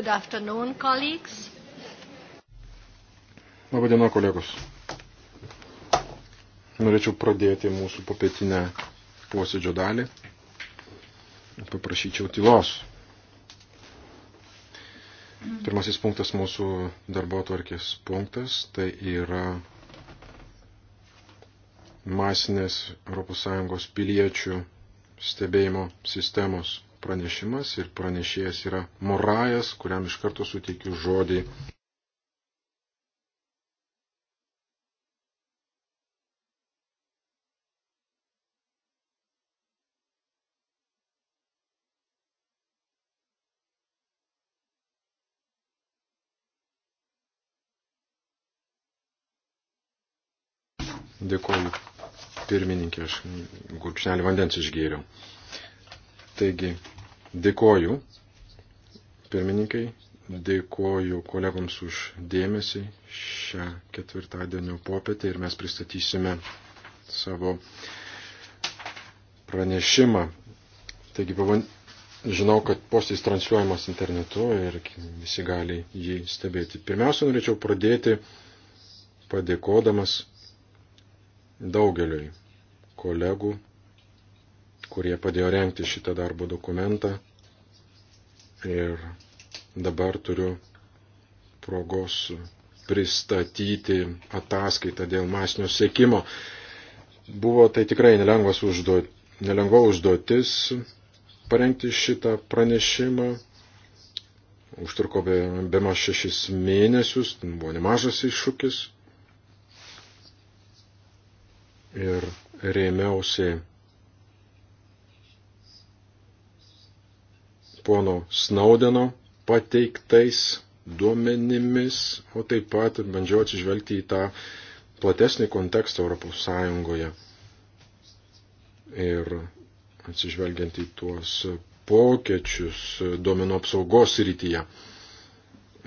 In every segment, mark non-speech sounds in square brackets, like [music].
Good afternoon, colleagues. Labadiena, kolegos. Norėčiau pradėti mūsų papietinę posėdžio dalį. Paprašyčiau tylos. Pirmasis punktas mūsų darbo tvarkės punktas tai yra masinės ES piliečių stebėjimo sistemos pranešimas ir pranešėjas yra Morajas, kuriam iš karto suteikiu žodį. Dėkuoju pirmininkė, aš gurkšnelį vandens išgėriau. Taigi, Dėkoju pirmininkai, dėkoju kolegoms už dėmesį šią ketvirtadienio popietę ir mes pristatysime savo pranešimą. Taigi, pavan... žinau, kad postis transliuojamas internetu ir visi gali jį stebėti. Pirmiausia, norėčiau pradėti padėkodamas daugeliui kolegų kurie padėjo renkti šitą darbo dokumentą. Ir dabar turiu progos pristatyti ataskaitą dėl masinio sėkimo. Buvo tai tikrai nelengvas užduot, nelengva užduotis parengti šitą pranešimą. Užtruko be, be ma šešis mėnesius, buvo nemažas iššūkis. Ir rėmiausi pono Snaudeno pateiktais duomenimis, o taip pat bandžiau atsižvelgti į tą platesnį kontekstą Europos Sąjungoje. Ir atsižvelgiant į tuos pokyčius duomenų apsaugos rytyje.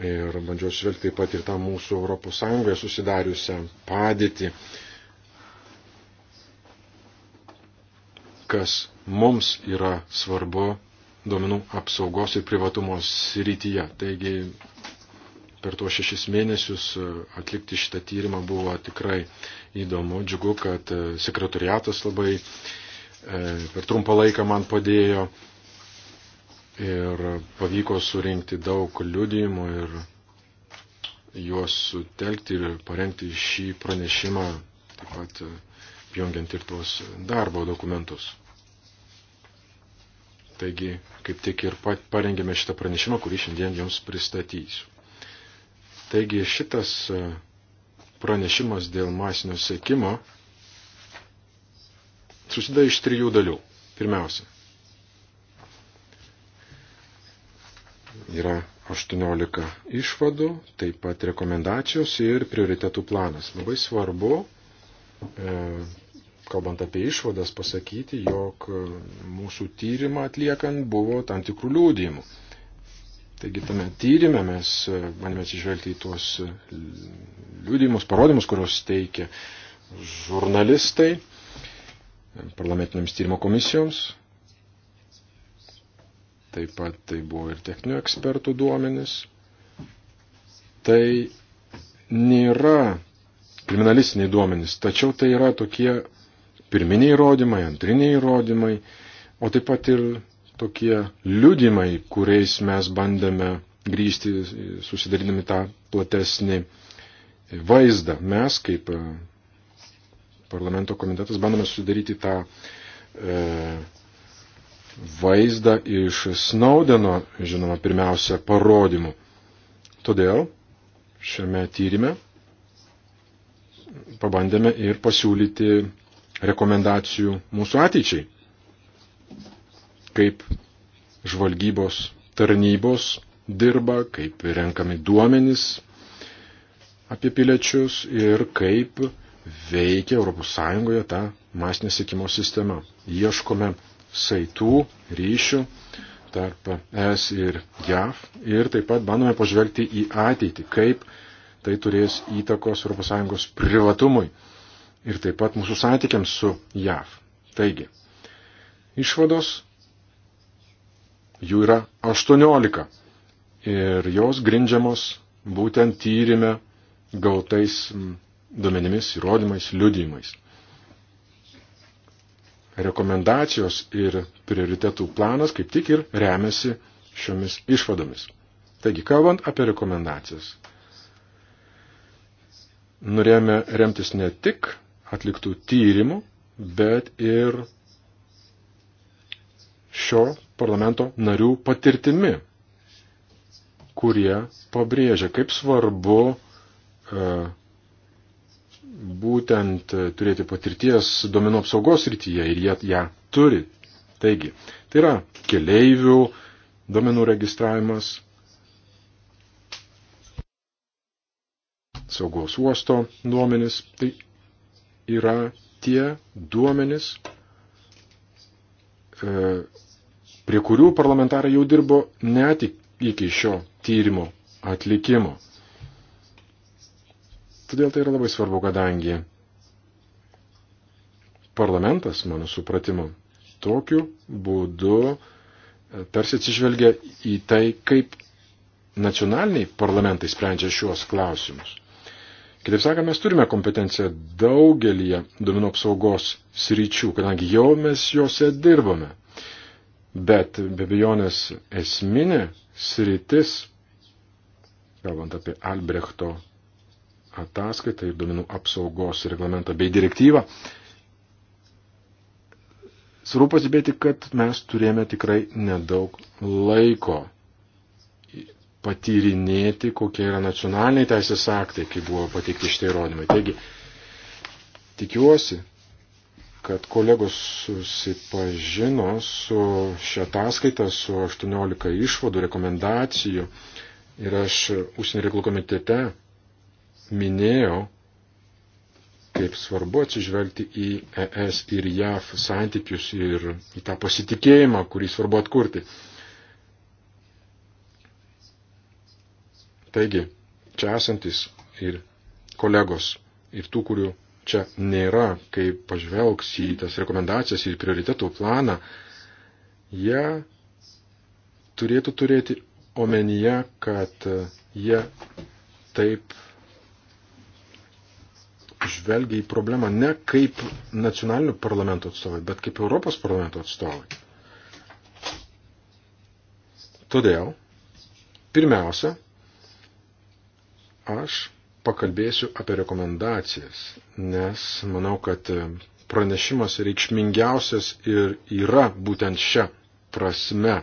Ir bandžiau atsižvelgti taip pat ir tą mūsų Europos Sąjungoje susidariusią padėtį, kas mums yra svarbu duomenų apsaugos ir privatumo srityje. Taigi per tuos šešis mėnesius e, atlikti šitą tyrimą buvo tikrai įdomu. Džiugu, kad e, sekretariatas labai e, per trumpą laiką man padėjo ir pavyko surinkti daug liudijimų ir juos sutelkti ir parengti šį pranešimą, taip pat jungiant ir tuos darbo dokumentus. Taigi, kaip tik ir parengėme šitą pranešimą, kurį šiandien jums pristatysiu. Taigi, šitas e, pranešimas dėl masinio sėkimo susideda iš trijų dalių. Pirmiausia, yra 18 išvadų, taip pat rekomendacijos ir prioritetų planas. Labai svarbu e, kalbant apie išvadas, pasakyti, jog e, mūsų tyrimą atliekant buvo tam tikrų liūdėjimų. Taigi tame tyrimė mes manėme e, atsižvelgti į tuos e, liūdėjimus, parodymus, kuriuos teikia žurnalistai parlamentinėms tyrimo komisijoms. Taip pat tai buvo ir techninių ekspertų duomenis. Tai nėra kriminalistiniai duomenys, tačiau tai yra tokie pirminiai įrodymai, antriniai įrodymai, o taip pat ir tokie liudimai, kuriais mes bandėme grįžti, susidarydami tą platesnį vaizdą. Mes, kaip e, parlamento komitetas, bandome sudaryti tą e, vaizdą iš Snaudeno, žinoma, pirmiausia, parodymų. Todėl šiame tyrimė pabandėme ir pasiūlyti rekomendacijų mūsų ateičiai, kaip žvalgybos tarnybos dirba, kaip renkami duomenys apie piliečius ir kaip veikia ES ta masinė sėkimo sistema. Ieškome saitų, ryšių tarp ES ir JAV ir taip pat bandome pažvelgti į ateitį, kaip tai turės įtakos ES privatumui ir taip pat mūsų santykiams su JAV. Taigi, išvados jų yra 18 ir jos grindžiamos būtent tyrimė gautais duomenimis, įrodymais, liudijimais. Rekomendacijos ir prioritetų planas kaip tik ir remiasi šiomis išvadomis. Taigi, kalbant apie rekomendacijas, norėjome remtis ne tik atliktų tyrimų, bet ir šio parlamento narių patirtimi, kurie pabrėžia, kaip svarbu e, būtent turėti patirties domenų apsaugos rytyje ir jie ją turi. Taigi, tai yra keleivių domenų registravimas, saugos uosto duomenis, tai yra tie duomenys, e, prie kurių parlamentarai jau dirbo net iki šio tyrimo atlikimo. Todėl tai yra labai svarbu, kadangi parlamentas, mano supratimu, tokiu būdu e, tarsi atsižvelgia į tai, kaip nacionaliniai parlamentai sprendžia šiuos klausimus. Kitaip sakant, mes turime kompetenciją daugelį duomenų apsaugos sričių, kadangi jau mes juose dirbame. Bet be abejonės esminė sritis, kalbant apie Albrechto ataskaitą ir duomenų apsaugos reglamentą bei direktyvą, svarbu pastebėti, kad mes turėjome tikrai nedaug laiko patyrinėti, kokie yra nacionaliniai teisės aktai, kai buvo pateikti šitie įrodymai. Taigi, tikiuosi, kad kolegos susipažino su šią ataskaitą, su 18 išvadų, rekomendacijų ir aš užsienio reikalų komitete minėjau, kaip svarbu atsižvelgti į ES ir JAF santykius ir į tą pasitikėjimą, kurį svarbu atkurti. Taigi, čia esantis ir kolegos, ir tų, kurių čia nėra, kai pažvelgs į tas rekomendacijas ir prioritetų planą, jie turėtų turėti omenyje, kad jie taip žvelgia į problemą ne kaip nacionalinių parlamento atstovai, bet kaip Europos parlamento atstovai. Todėl, pirmiausia, Aš pakalbėsiu apie rekomendacijas, nes manau, kad pranešimas reikšmingiausias ir yra būtent šią prasme,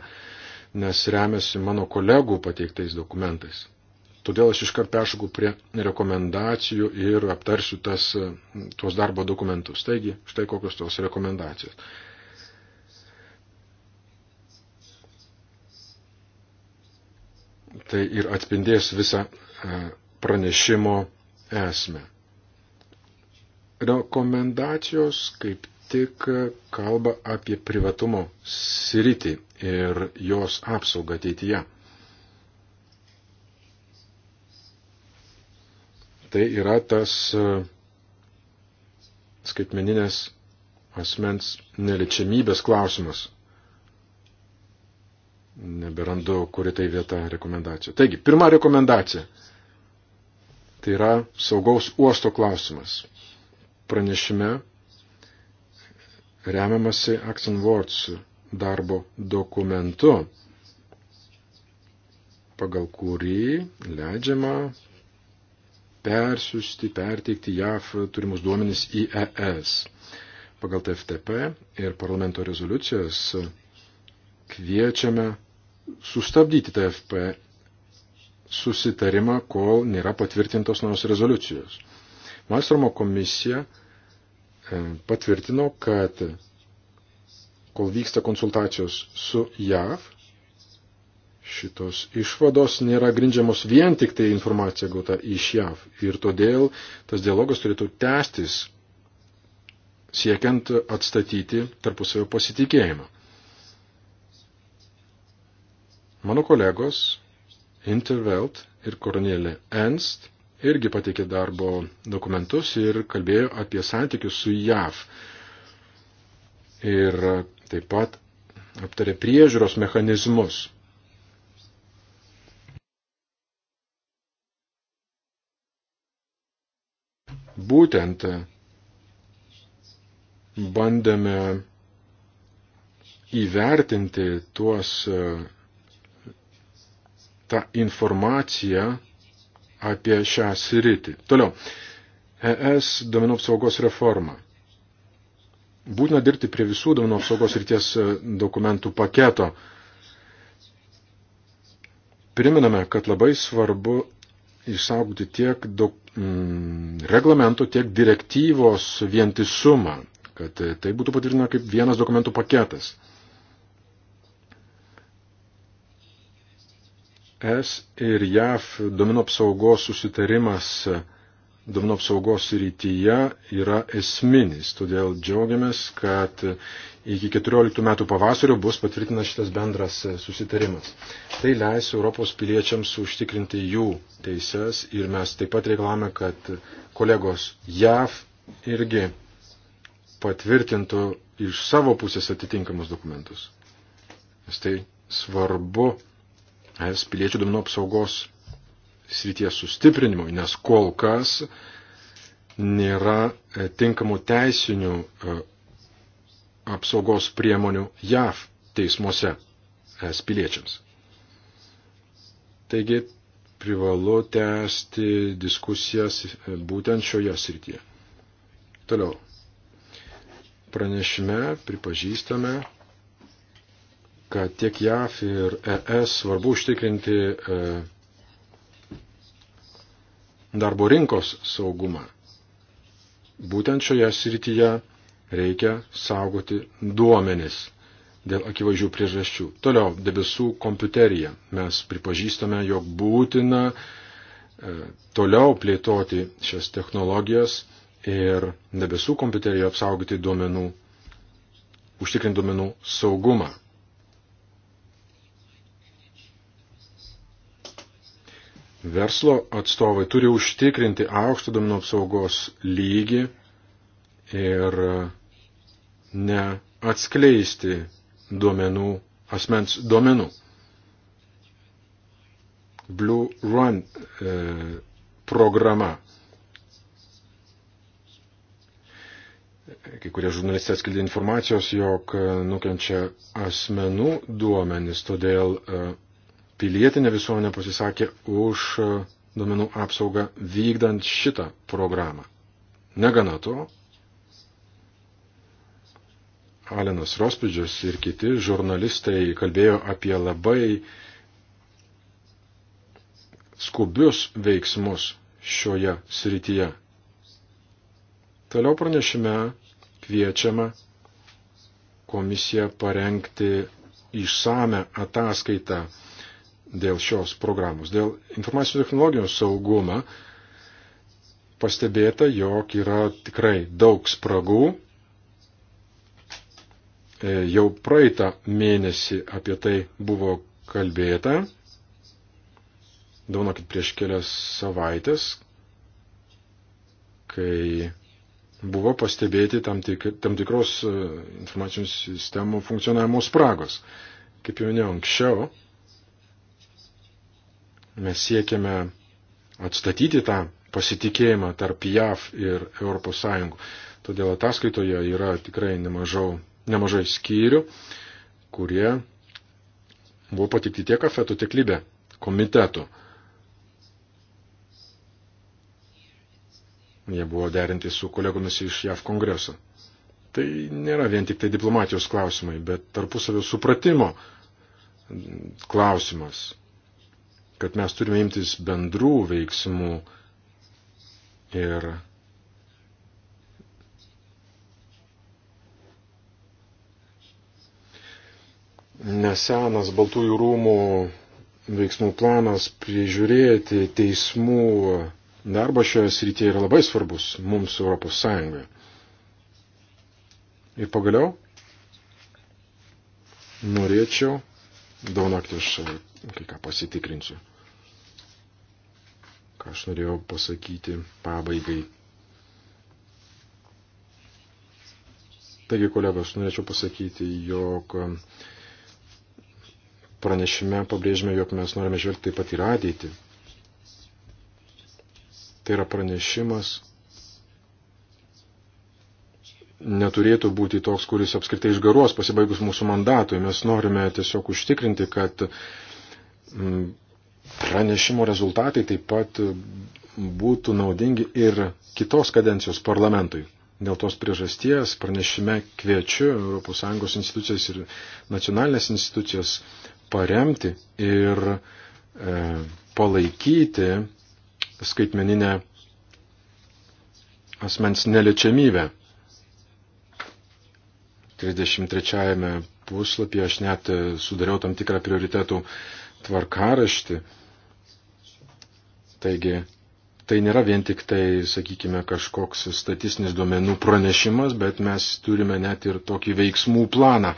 nes remiasi mano kolegų pateiktais dokumentais. Todėl aš iškart peršoku prie rekomendacijų ir aptarsiu tas, tuos darbo dokumentus. Taigi, štai kokios tos rekomendacijos. Tai ir atspindės visą e, pranešimo esmę. Rekomendacijos kaip tik kalba apie privatumo sritį ir jos apsaugą ateityje. Tai yra tas e, skaitmeninės asmens neličiamybės klausimas. Neberandu, kuri tai vieta rekomendacijų. Taigi, pirma rekomendacija Tai yra saugaus uosto klausimas. Pranešime remiamasi Action Words darbo dokumentu, pagal kurį leidžiama persiusti, perteikti JAF turimus duomenis į ES. Pagal TFTP ir parlamento rezoliucijas kviečiame sustabdyti TFP susitarimą, kol nėra patvirtintos naujos rezoliucijos. Maistromo komisija e, patvirtino, kad kol vyksta konsultacijos su JAV, šitos išvados nėra grindžiamos vien tik tai informacija gauta iš JAV. Ir todėl tas dialogas turėtų tęstis siekiant atstatyti tarpusavio pasitikėjimą. Mano kolegos Intervelt ir Kornelė Enst irgi pateikė darbo dokumentus ir kalbėjo apie santykius su JAV. Ir taip pat aptarė priežiūros mechanizmus. Būtent bandėme įvertinti tuos tą informaciją apie šią sritį. Toliau. ES domenų apsaugos reforma. Būtina dirbti prie visų domenų apsaugos ryties e, dokumentų paketo. Priminame, kad labai svarbu išsaugoti tiek dok, mm, reglamento, tiek direktyvos vientisumą, kad e, tai būtų patvirtina kaip vienas dokumentų paketas. ES ir JAF domino apsaugos susitarimas domino apsaugos rytyje yra esminis. Todėl džiaugiamės, kad iki 14 metų pavasario bus patvirtinas šitas bendras susitarimas. Tai leis Europos piliečiams užtikrinti jų teises ir mes taip pat reikalame, kad kolegos JAF irgi patvirtintų iš savo pusės atitinkamus dokumentus. Nes tai svarbu es piliečių duomenų apsaugos srities sustiprinimui, nes kol kas nėra e, tinkamų teisinių e, apsaugos priemonių JAV teismuose es piliečiams. Taigi privalu tęsti diskusijas e, būtent šioje srityje. Toliau. Pranešime pripažįstame kad tiek JAF ir ES svarbu užtikrinti e, darbo rinkos saugumą. Būtent šioje srityje reikia saugoti duomenis dėl akivaizdžių priežasčių. Toliau, debesų kompiuterija. Mes pripažįstame, jog būtina e, toliau plėtoti šias technologijas ir debesų kompiuteriją apsaugoti duomenų, užtikrinti duomenų saugumą. Verslo atstovai turi užtikrinti aukštą duomenų apsaugos lygį ir neatskleisti duomenų, asmens duomenų. Blue Run e, programa. Kai kurie žurnalistai atskleidė informacijos, jog e, nukenčia asmenų duomenys, todėl e, pilietinė visuomenė pasisakė už e, duomenų apsaugą vykdant šitą programą. Negana to, Alenas Rospidžius ir kiti žurnalistai kalbėjo apie labai skubius veiksmus šioje srityje. Toliau pranešime kviečiama komisiją parengti išsame ataskaitą dėl šios programos. Dėl informacinių technologijų saugumą pastebėta, jog yra tikrai daug spragų. E, jau praeitą mėnesį apie tai buvo kalbėta. Daunokit prieš kelias savaitės, kai buvo pastebėti tam, tik, tam tikros e, informacinių sistemų funkcionavimo spragos. Kaip jau minėjau anksčiau, Mes siekiame atstatyti tą pasitikėjimą tarp JAV ir ES. Todėl ataskaitoje yra tikrai nemažau, nemažai skyrių, kurie buvo patikti tiek afetų, tiek lybė komitetų. Jie buvo derinti su kolegomis iš JAV kongreso. Tai nėra vien tik tai diplomatijos klausimai, bet tarpusavio supratimo klausimas kad mes turime imtis bendrų veiksmų ir nesenas Baltųjų rūmų veiksmų planas prižiūrėti teismų darbą šioje srityje yra labai svarbus mums Europos Sąjungoje. Ir pagaliau norėčiau Donaktiš kai ką pasitikrinsiu. Ką aš norėjau pasakyti pabaigai. Taigi, kolegos, norėčiau pasakyti, jog pranešime pabrėžime, jog mes norime žvelgti taip pat ir ateitį. Tai yra pranešimas neturėtų būti toks, kuris apskritai išgaruos pasibaigus mūsų mandatui. Mes norime tiesiog užtikrinti, kad Mm, pranešimo rezultatai taip pat e, būtų naudingi ir kitos kadencijos parlamentui. Dėl tos priežasties pranešime kviečiu ES institucijas ir nacionalinės institucijas paremti ir e, palaikyti skaitmeninę asmens neliečiamybę. 33 puslapyje aš net sudariau tam tikrą prioritetų e, tvarkaraštį. Taigi, tai nėra vien tik tai, sakykime, kažkoks statistinis duomenų pranešimas, bet mes turime net ir tokį veiksmų planą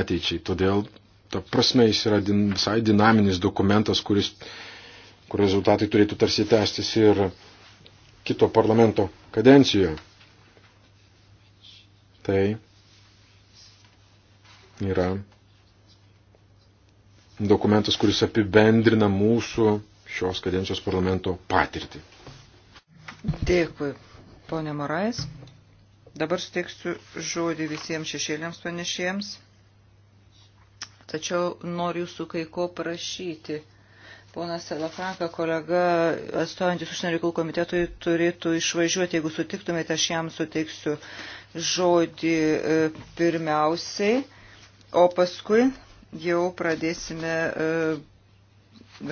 ateičiai. Todėl, ta prasme, jis yra din, visai dinaminis dokumentas, kuris, kur rezultatai turėtų tarsi tęstis ir kito parlamento kadencijoje. Tai yra dokumentas, kuris apibendrina mūsų šios kadencijos parlamento patirtį. Dėkui, ponė Morais. Dabar suteiksiu žodį visiems šešėliams panešėjams. Tačiau noriu jūsų kai ko prašyti. Ponas Salafranka, kolega, atstovantis užsienio reikalų komitetui, turėtų išvažiuoti. Jeigu sutiktumėte, aš jam suteiksiu žodį e, pirmiausiai, o paskui jau pradėsime e,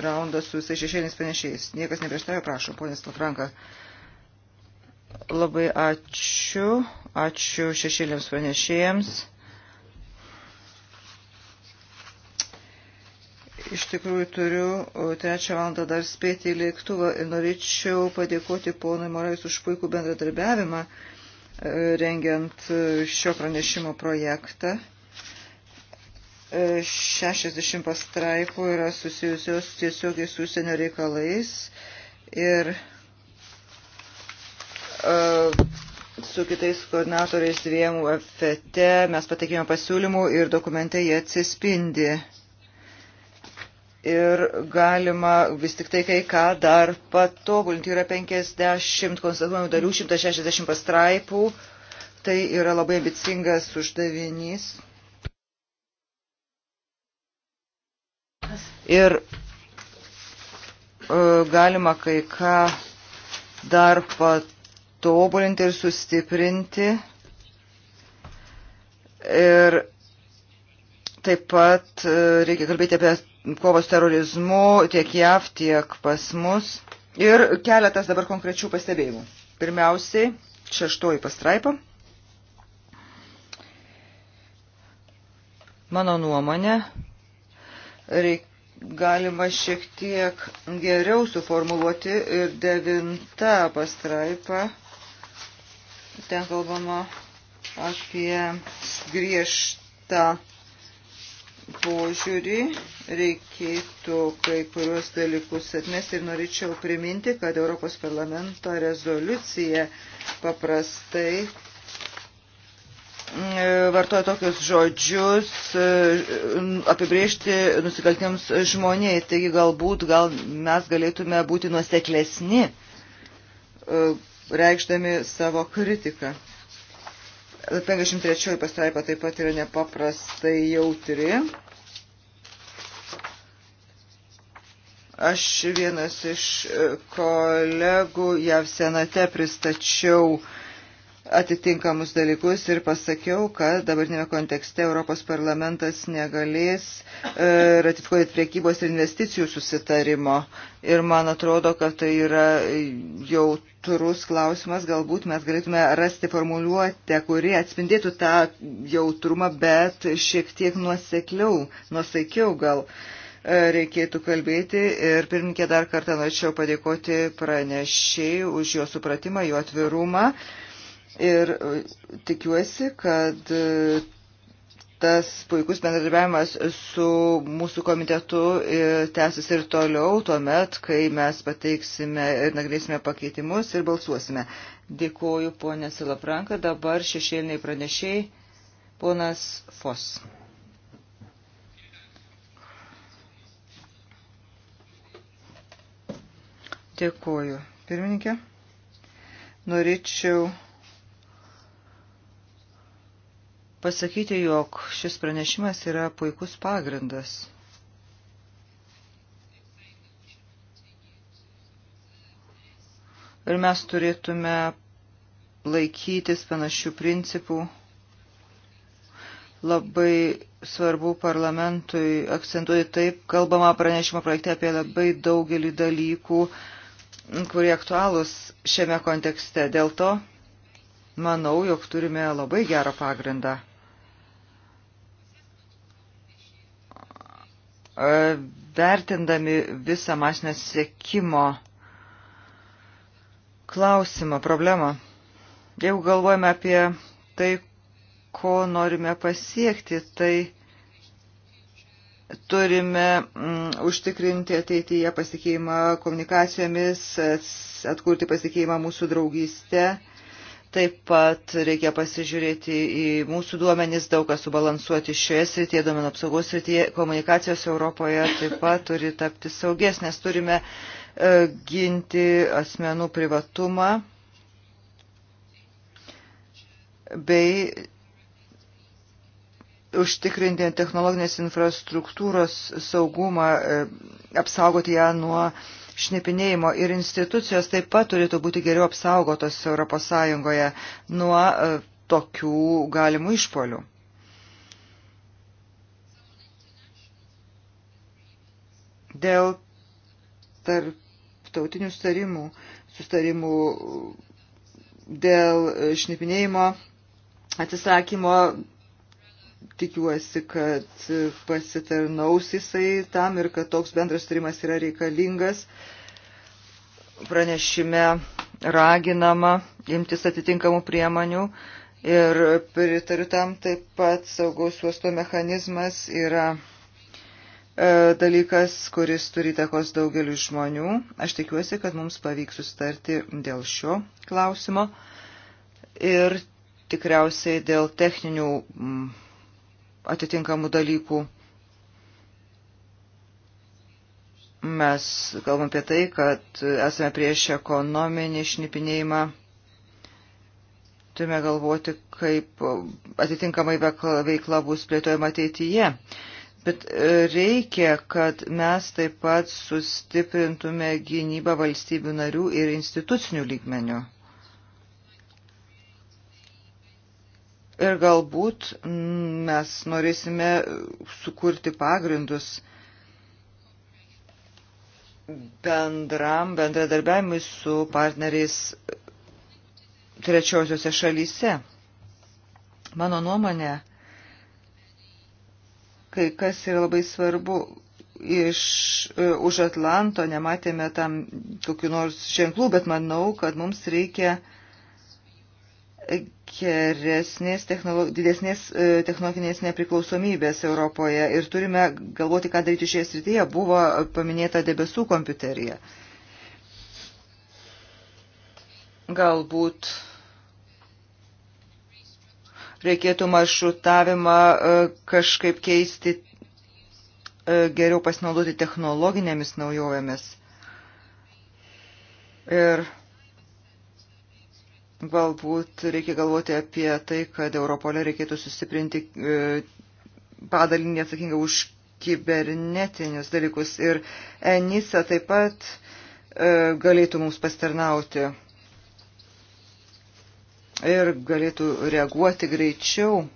raundą su visais šešėliniais panešiais. Niekas neprieštarauja, prašom, ponės Latranka. Labai ačiū, ačiū šešėliams panešėjams. Iš tikrųjų turiu trečią valandą dar spėti į lėktuvą ir norėčiau padėkoti ponui Morais už puikų bendradarbiavimą e, rengiant e, šio pranešimo projektą. 60 e, pastraipų yra susijusios tiesiogiai su užsienio reikalais ir e, su kitais koordinatoriais dviem FT mes pateikėme pasiūlymų ir dokumente jie atsispindi. Ir galima vis tik tai kai ką dar patobulinti. Yra 50 konstatuojamų dalių, 160 pastraipų. Tai yra labai ambicingas uždavinys. ir e, galima kai ką dar patobulinti ir sustiprinti. Ir taip pat e, reikia kalbėti apie kovos terorizmu tiek JAV, tiek pas mus. Ir keletas dabar konkrečių pastebėjimų. Pirmiausiai, šeštoji pastraipa. Mano nuomonė, reik, galima šiek tiek geriau suformuluoti ir devinta pastraipa. Ten kalbama apie griežtą požiūrį. Reikėtų kai kurios dalykus atmesti ir norėčiau priminti, kad Europos parlamento rezoliucija paprastai E, vartoja tokius žodžius e, apibriežti nusikaltėms žmoniai. Taigi galbūt gal mes galėtume būti nuoseklesni, e, reikšdami savo kritiką. 53 pastraipa taip pat yra nepaprastai jautri. Aš vienas iš kolegų JAV senate pristačiau uh, atitinkamus dalykus ir pasakiau, kad dabartinėme kontekste Europos parlamentas negalės e, ratifikuoti priekybos ir investicijų susitarimo. Ir man atrodo, kad tai yra jautrus klausimas, galbūt mes galėtume rasti formuluotę, kuri atspindėtų tą jautrumą, bet šiek tiek nuosekliau, nuosaikiau gal e, reikėtų kalbėti. Ir pirmininkė dar kartą norėčiau padėkoti pranešėjai už jo supratimą, jo atvirumą. E, Ir e, tikiuosi, kad e, tas puikus bendradarbiavimas su mūsų komitetu e, tęsis ir toliau, tuomet, kai mes pateiksime ir nagrėsime pakeitimus ir balsuosime. Dėkuoju, ponė Silapranka, dabar šešėliniai pranešiai, ponas Fos. Dėkuoju, pirmininkė. Norėčiau pasakyti, jog šis pranešimas yra puikus pagrindas. Ir mes turėtume laikytis panašių principų. Labai svarbu parlamentui akcentuoti taip, kalbama pranešimo projekte apie labai daugelį dalykų, kurie aktualūs šiame kontekste. Dėl to manau, jog turime labai gerą pagrindą. E, vertindami visą masinę sėkimo klausimą, problemą, jeigu galvojame apie tai, ko norime pasiekti, tai turime mm, užtikrinti ateityje pasikeimą komunikacijomis, atkurti pasikeimą mūsų draugystę Taip pat reikia pasižiūrėti į mūsų duomenys, daug kas subalansuoti šioje srityje, duomenų apsaugos srityje, komunikacijos Europoje taip pat turi tapti sauges, nes turime e, ginti asmenų privatumą bei užtikrinti technologinės infrastruktūros saugumą, e, apsaugoti ją nuo e, šnipinėjimo ir institucijos taip pat turėtų būti geriau apsaugotos ES nuo e, tokių galimų išpolių. Dėl tarptautinių starimų, sustarimų dėl šnipinėjimo atsisakymo tikiuosi, kad pasitarnaus jisai tam ir kad toks bendras turimas yra reikalingas. Pranešime raginama imtis atitinkamų priemonių ir pritariu tam taip pat saugaus uosto mechanizmas yra e, dalykas, kuris turi takos daugeliu žmonių. Aš tikiuosi, kad mums pavyks sustarti dėl šio klausimo ir tikriausiai dėl techninių. Mm, atitinkamų dalykų. Mes kalbam apie tai, kad esame prieš ekonominį šnipinėjimą. Turime galvoti, kaip atitinkamai veikla bus plėtojama ateityje. Bet e, reikia, kad mes taip pat sustiprintume gynybą valstybių narių ir institucinių lygmenių. Ir galbūt mes norėsime sukurti pagrindus bendram bendradarbiavimui su partneriais trečiosiuose šalyse. Mano nuomonė, kai kas yra labai svarbu, iš, už Atlanto nematėme tam kokiu nors ženklų, bet manau, kad mums reikia geresnės, technolo, didesnės e, technologinės nepriklausomybės Europoje ir turime galvoti, ką daryti šioje srityje. Buvo paminėta debesų kompiuterija. Galbūt reikėtų maršrutavimą e, kažkaip keisti, e, geriau pasinaudoti technologinėmis naujovėmis. Ir Galbūt reikia galvoti apie tai, kad Europolė reikėtų sustiprinti e, padalinį atsakingą už kibernetinius dalykus. Ir ENISA taip pat e, galėtų mums pasternauti ir galėtų reaguoti greičiau. E,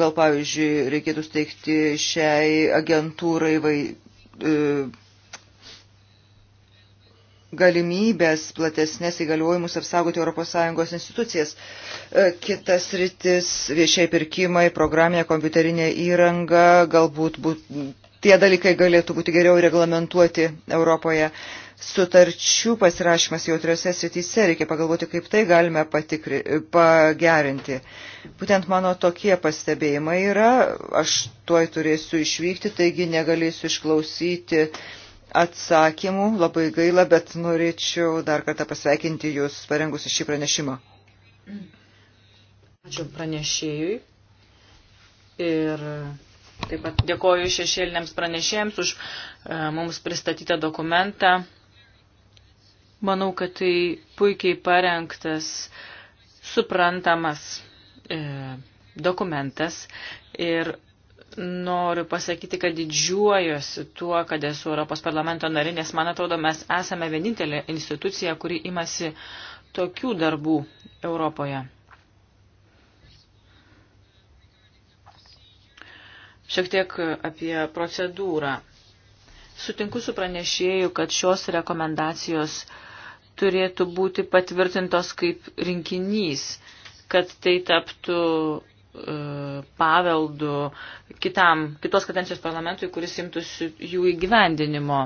gal, pavyzdžiui, reikėtų steigti šiai agentūrai vai, galimybės platesnės įgaliojimus apsaugoti ES institucijas. E, kitas rytis - viešiai pirkimai, programinė kompiuterinė įranga, galbūt būt, tie dalykai galėtų būti geriau reglamentuoti Europoje. Sutarčių pasirašymas jautriose srityse reikia pagalvoti, kaip tai galime patikri, pagerinti. Būtent mano tokie pastebėjimai yra, aš tuoj turėsiu išvykti, taigi negalėsiu išklausyti uh, atsakymų. Labai gaila, bet norėčiau dar kartą pasveikinti Jūs parengus šį pranešimą. Ačiū pranešėjui. Ir taip pat dėkoju šešėliniams pranešėjams už e, mums pristatytą dokumentą. Manau, kad tai puikiai parengtas, suprantamas e, dokumentas ir noriu pasakyti, kad didžiuojuosi tuo, kad esu Europos parlamento nari, nes man atrodo, mes esame vienintelė institucija, kuri imasi tokių darbų Europoje. Šiek tiek apie procedūrą. Sutinku su pranešėju, kad šios rekomendacijos turėtų būti patvirtintos kaip rinkinys, kad tai taptų E, paveldų kitam, kitos kadencijos parlamentui, kuris imtųsi jų įgyvendinimo.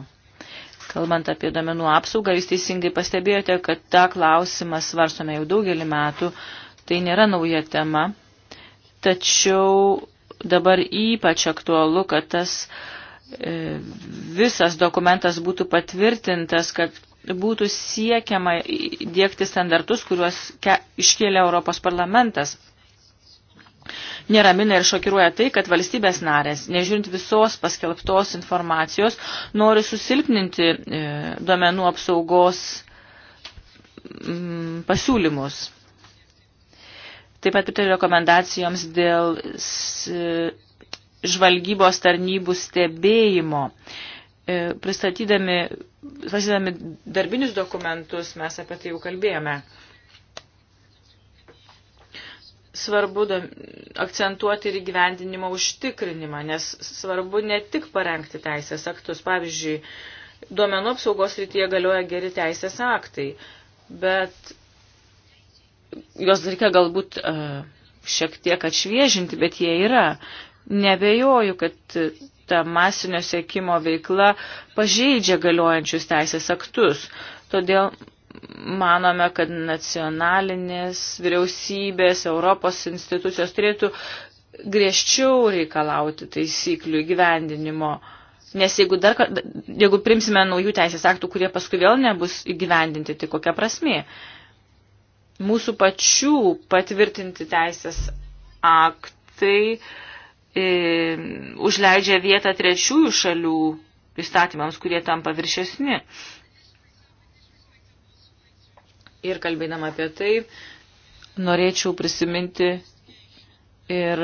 Kalbant apie domenų apsaugą, jūs teisingai pastebėjote, kad tą klausimą svarstome jau daugelį metų, tai nėra nauja tema, tačiau dabar ypač aktualu, kad tas e, visas dokumentas būtų patvirtintas, kad būtų siekiama dėkti standartus, kuriuos ke, iškėlė Europos parlamentas Neramina ir šokiruoja tai, kad valstybės narės, nežiūrint visos paskelbtos informacijos, nori susilpninti e, duomenų apsaugos mm, pasiūlymus. Taip pat pritariu rekomendacijoms dėl žvalgybos tarnybų stebėjimo. E, pristatydami, pristatydami darbinius dokumentus mes apie tai jau kalbėjome svarbu akcentuoti ir įgyvendinimo užtikrinimą, nes svarbu ne tik parengti teisės aktus. Pavyzdžiui, duomenų apsaugos rytyje galioja geri teisės aktai, bet jos reikia galbūt e, šiek tiek atšviežinti, bet jie yra. Nebejoju, kad ta masinio sėkimo veikla pažeidžia galiojančius teisės aktus. Todėl manome, kad nacionalinės vyriausybės, Europos institucijos turėtų griežčiau reikalauti taisyklių įgyvendinimo. Nes jeigu, dar, jeigu primsime naujų teisės aktų, kurie paskui vėl nebus įgyvendinti, tai kokia prasmė? Mūsų pačių patvirtinti teisės aktai e, užleidžia vietą trečiųjų šalių įstatymams, kurie tampa viršesni. Ir kalbėdama apie tai, norėčiau prisiminti ir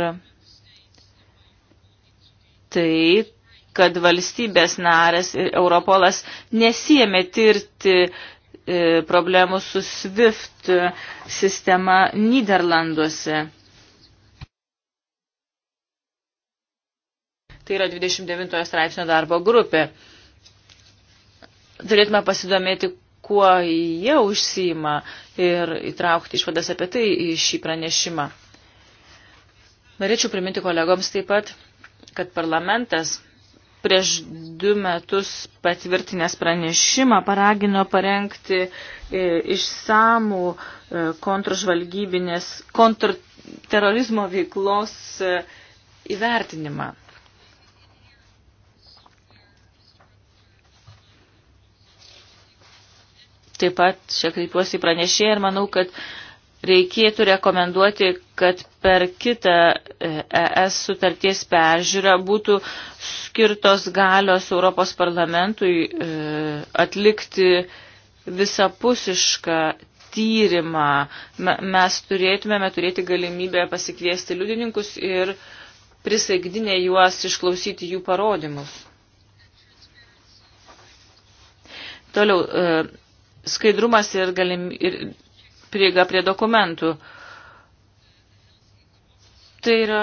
tai, kad valstybės narės ir Europolas nesijėmė tirti e, problemų su SWIFT sistema Niderlanduose. Tai yra 29 straipsnio darbo grupė. Turėtume pasidomėti, kuo jie užsima ir įtraukti išvadas apie tai į šį pranešimą. Norėčiau priminti kolegoms taip pat, kad parlamentas prieš du metus patvirtinęs pranešimą paragino parengti e, išsamų e, kontrterorizmo veiklos e, įvertinimą. Taip pat čia kreipiuosi į pranešėją ir manau, kad reikėtų rekomenduoti, kad per kitą ES e sutarties peržiūrą būtų skirtos galios Europos parlamentui e, atlikti visapusišką tyrimą. Mes turėtumėme turėti galimybę pasikviesti liudininkus ir prisaigdinę juos išklausyti jų parodymus. Toliau, e, skaidrumas ir, galim, ir prieiga prie dokumentų. Tai yra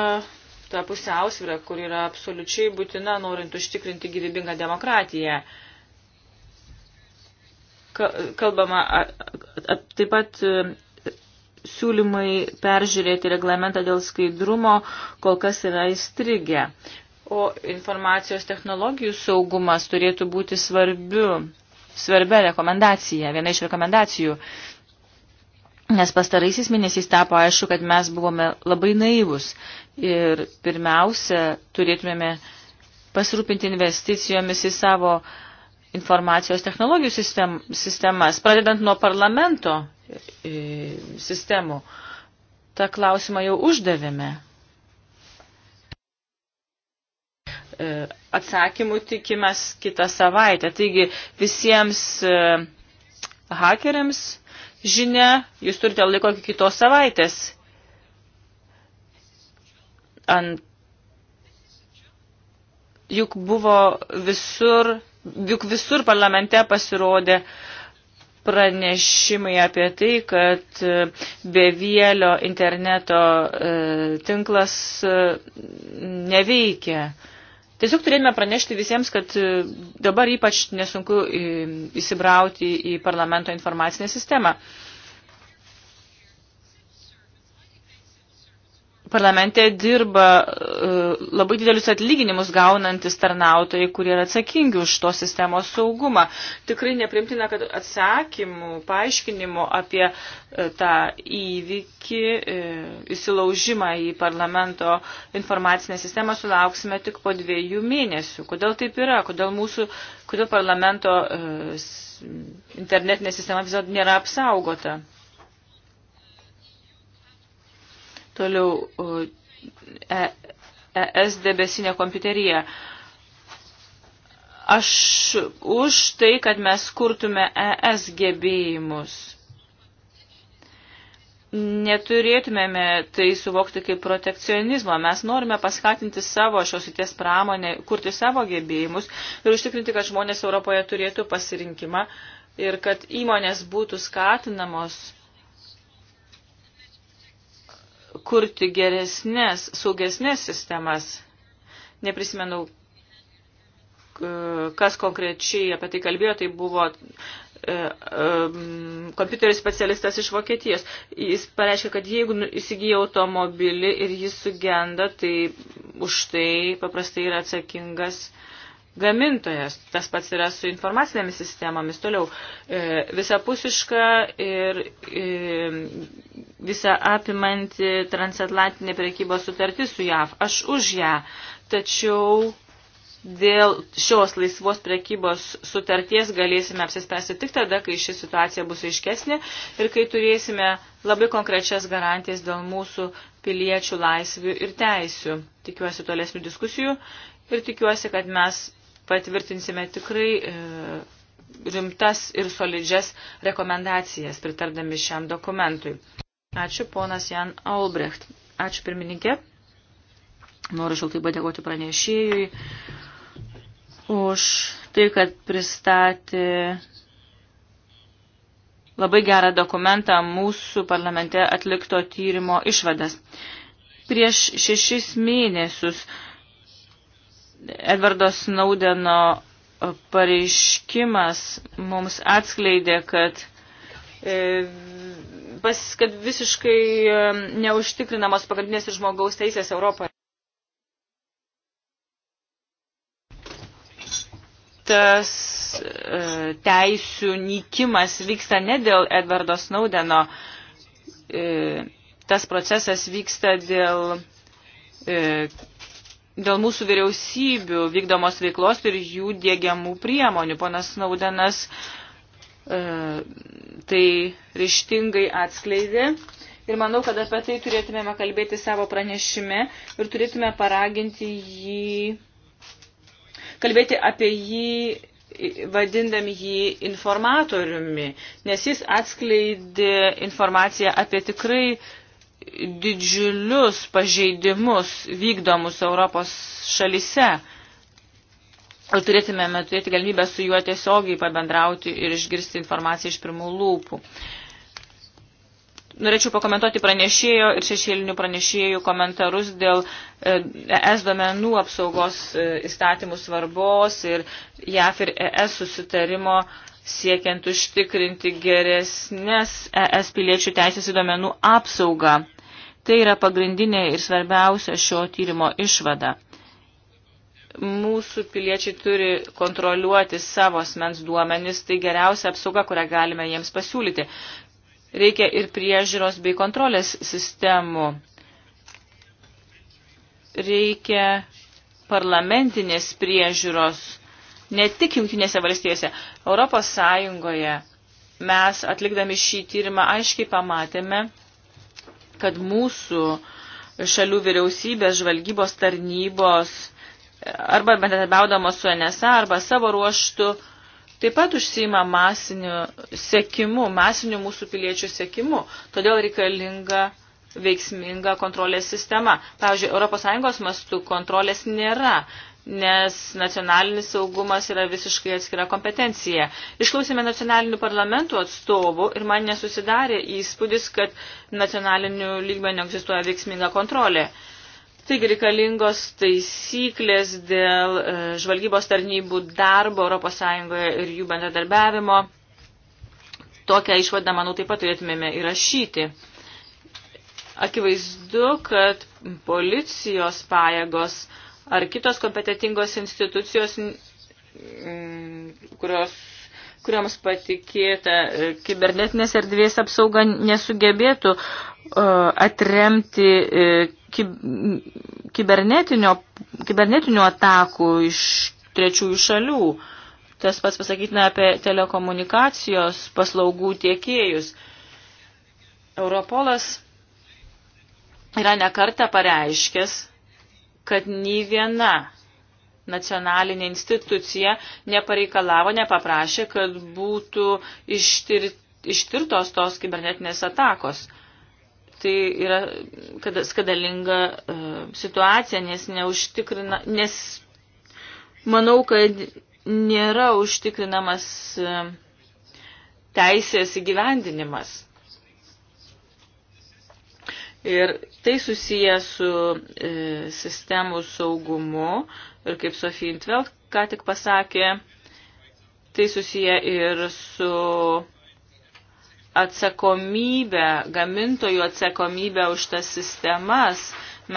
ta pusiausvyrą, kur yra absoliučiai būtina, norint užtikrinti gyvybingą demokratiją. Kalbama a, a, taip pat e, siūlymai peržiūrėti reglamentą dėl skaidrumo kol kas yra įstrigę. O informacijos technologijų saugumas turėtų būti svarbiu svarbia rekomendacija, viena iš rekomendacijų. Nes pastaraisiais mėnesiais tapo aišku, kad mes buvome labai naivus ir pirmiausia turėtumėme pasirūpinti investicijomis į savo informacijos technologijų sistem, sistemas, pradedant nuo parlamento e, sistemų. Ta klausimą jau uždavėme. E, atsakymų tikimės kitą savaitę. Taigi visiems e, hakeriams žinia, jūs turite laiko iki kitos savaitės. Ant juk buvo visur, juk visur parlamente pasirodė pranešimai apie tai, kad e, bevėlio interneto tinklas neveikia. Tiesiog turėjome pranešti visiems, kad e, dabar ypač nesunku e, įsibrauti į parlamento informacinę sistemą. parlamente dirba e, labai didelius atlyginimus gaunantis tarnautojai, kurie yra atsakingi už to sistemos saugumą. Tikrai neprimtina, kad atsakymų, paaiškinimų apie e, tą įvykį, e, įsilaužimą į parlamento informacinę sistemą sulauksime tik po dviejų mėnesių. Kodėl taip yra? Kodėl, mūsų, kodėl parlamento internetinė sistema vis dar nėra apsaugota? Toliau ES e debesinė kompiuterija. Aš už tai, kad mes kurtume ES gebėjimus. Neturėtumėme tai suvokti kaip protekcionizmą. Mes norime paskatinti savo šios įties pramonę, kurti savo gebėjimus ir užtikrinti, kad žmonės Europoje turėtų pasirinkimą ir kad įmonės būtų skatinamos kurti geresnės, saugesnės sistemas. Neprisimenu, kas konkrečiai apie tai kalbėjo, tai buvo e, e, kompiuterio specialistas iš Vokietijos. Jis pareiškia, kad jeigu nu, įsigyja automobilį ir jis sugenda, tai už tai paprastai yra atsakingas uh, gamintojas. Tas pats yra su informacinėmis sistemomis. Toliau e, visapusiška ir e, visa apimanti transatlantinė prekybos sutartis su JAV. Aš už ją, tačiau dėl šios laisvos prekybos sutarties galėsime apsispręsti tik tada, kai ši situacija bus aiškesnė ir kai turėsime labai konkrečias garantijas dėl mūsų piliečių laisvių ir teisių. Tikiuosi tolesnių diskusijų ir tikiuosi, kad mes patvirtinsime tikrai e, rimtas ir solidžias rekomendacijas pritardami šiam dokumentui. Ačiū ponas Jan Albrecht. Ačiū pirmininkė. Noriu šiltai padėkoti pranešėjui už tai, kad pristatė labai gerą dokumentą mūsų parlamente atlikto tyrimo išvadas. Prieš šešis mėnesius uh, Edvardo Snaudeno pareiškimas mums atskleidė, kad, e, pas, kad visiškai e, neužtikrinamos pagrindinės ir žmogaus teisės Europoje. Tas e, teisių nykimas vyksta ne dėl Edvardo Snaudeno, tas procesas vyksta dėl dėl mūsų vyriausybių vykdomos veiklos ir jų dėgiamų priemonių. Ponas Naudenas e, tai ryštingai atskleidė. Ir manau, kad apie tai turėtumėme kalbėti savo pranešime ir turėtume paraginti jį, kalbėti apie jį, vadindami jį informatoriumi, nes jis atskleidė informaciją apie tikrai didžiulius pažeidimus vykdomus Europos šalise. Ir turėtumėme turėti galimybę su juo tiesiogiai pabendrauti ir išgirsti informaciją iš pirmų lūpų. Norėčiau pakomentuoti pranešėjo ir šešėlinių pranešėjų komentarus dėl ES e domenų apsaugos e, įstatymų svarbos ir JAF ir ES susitarimo siekiant užtikrinti geresnės ES piliečių teisės į domenų apsaugą. Tai yra pagrindinė ir svarbiausia šio tyrimo išvada. Mūsų piliečiai turi kontroliuoti savo asmens duomenis, tai geriausia apsauga, kurią galime jiems pasiūlyti. Reikia ir priežiūros bei kontrolės sistemų. Reikia parlamentinės priežiūros, ne tik jungtinėse valstijose, Europos Sąjungoje. Mes atlikdami šį tyrimą aiškiai pamatėme, kad mūsų šalių vyriausybės žvalgybos tarnybos arba bendradarbiaudamos su NSA arba savo ruoštų taip pat užsima masiniu sekimu, masiniu mūsų piliečių sekimu. Todėl reikalinga veiksminga kontrolės sistema. Pavyzdžiui, ES mastų kontrolės nėra nes nacionalinis saugumas yra visiškai atskira kompetencija. Išklausėme nacionalinių parlamentų atstovų ir man nesusidarė įspūdis, kad nacionalinių lygmenių egzistuoja veiksminga kontrolė. Taigi reikalingos taisyklės dėl e, žvalgybos tarnybų darbo ES ir jų bendradarbiavimo. Tokią išvadą, manau, taip pat turėtumėme įrašyti. Akivaizdu, kad policijos pajėgos uh, ar kitos kompetitingos institucijos, kurios kuriams patikėta e, kibernetinės erdvės apsauga nesugebėtų e, atremti e, kibernetinio, kibernetinio atakų iš trečiųjų šalių. Tas pats pasakytina apie telekomunikacijos paslaugų tiekėjus. Europolas yra nekarta pareiškęs, kad nei viena nacionalinė institucija nepareikalavo, nepaprašė, kad būtų ištir, ištirtos tos kibernetinės atakos. Tai yra kad, skadalinga uh, situacija, nes neužtikrina, nes manau, kad nėra užtikrinamas uh, teisės įgyvendinimas. Ir tai susiję su e, sistemų saugumu ir kaip Sofija Intveld ką tik pasakė, tai susiję ir su atsakomybė, gamintojų atsakomybė už tas sistemas.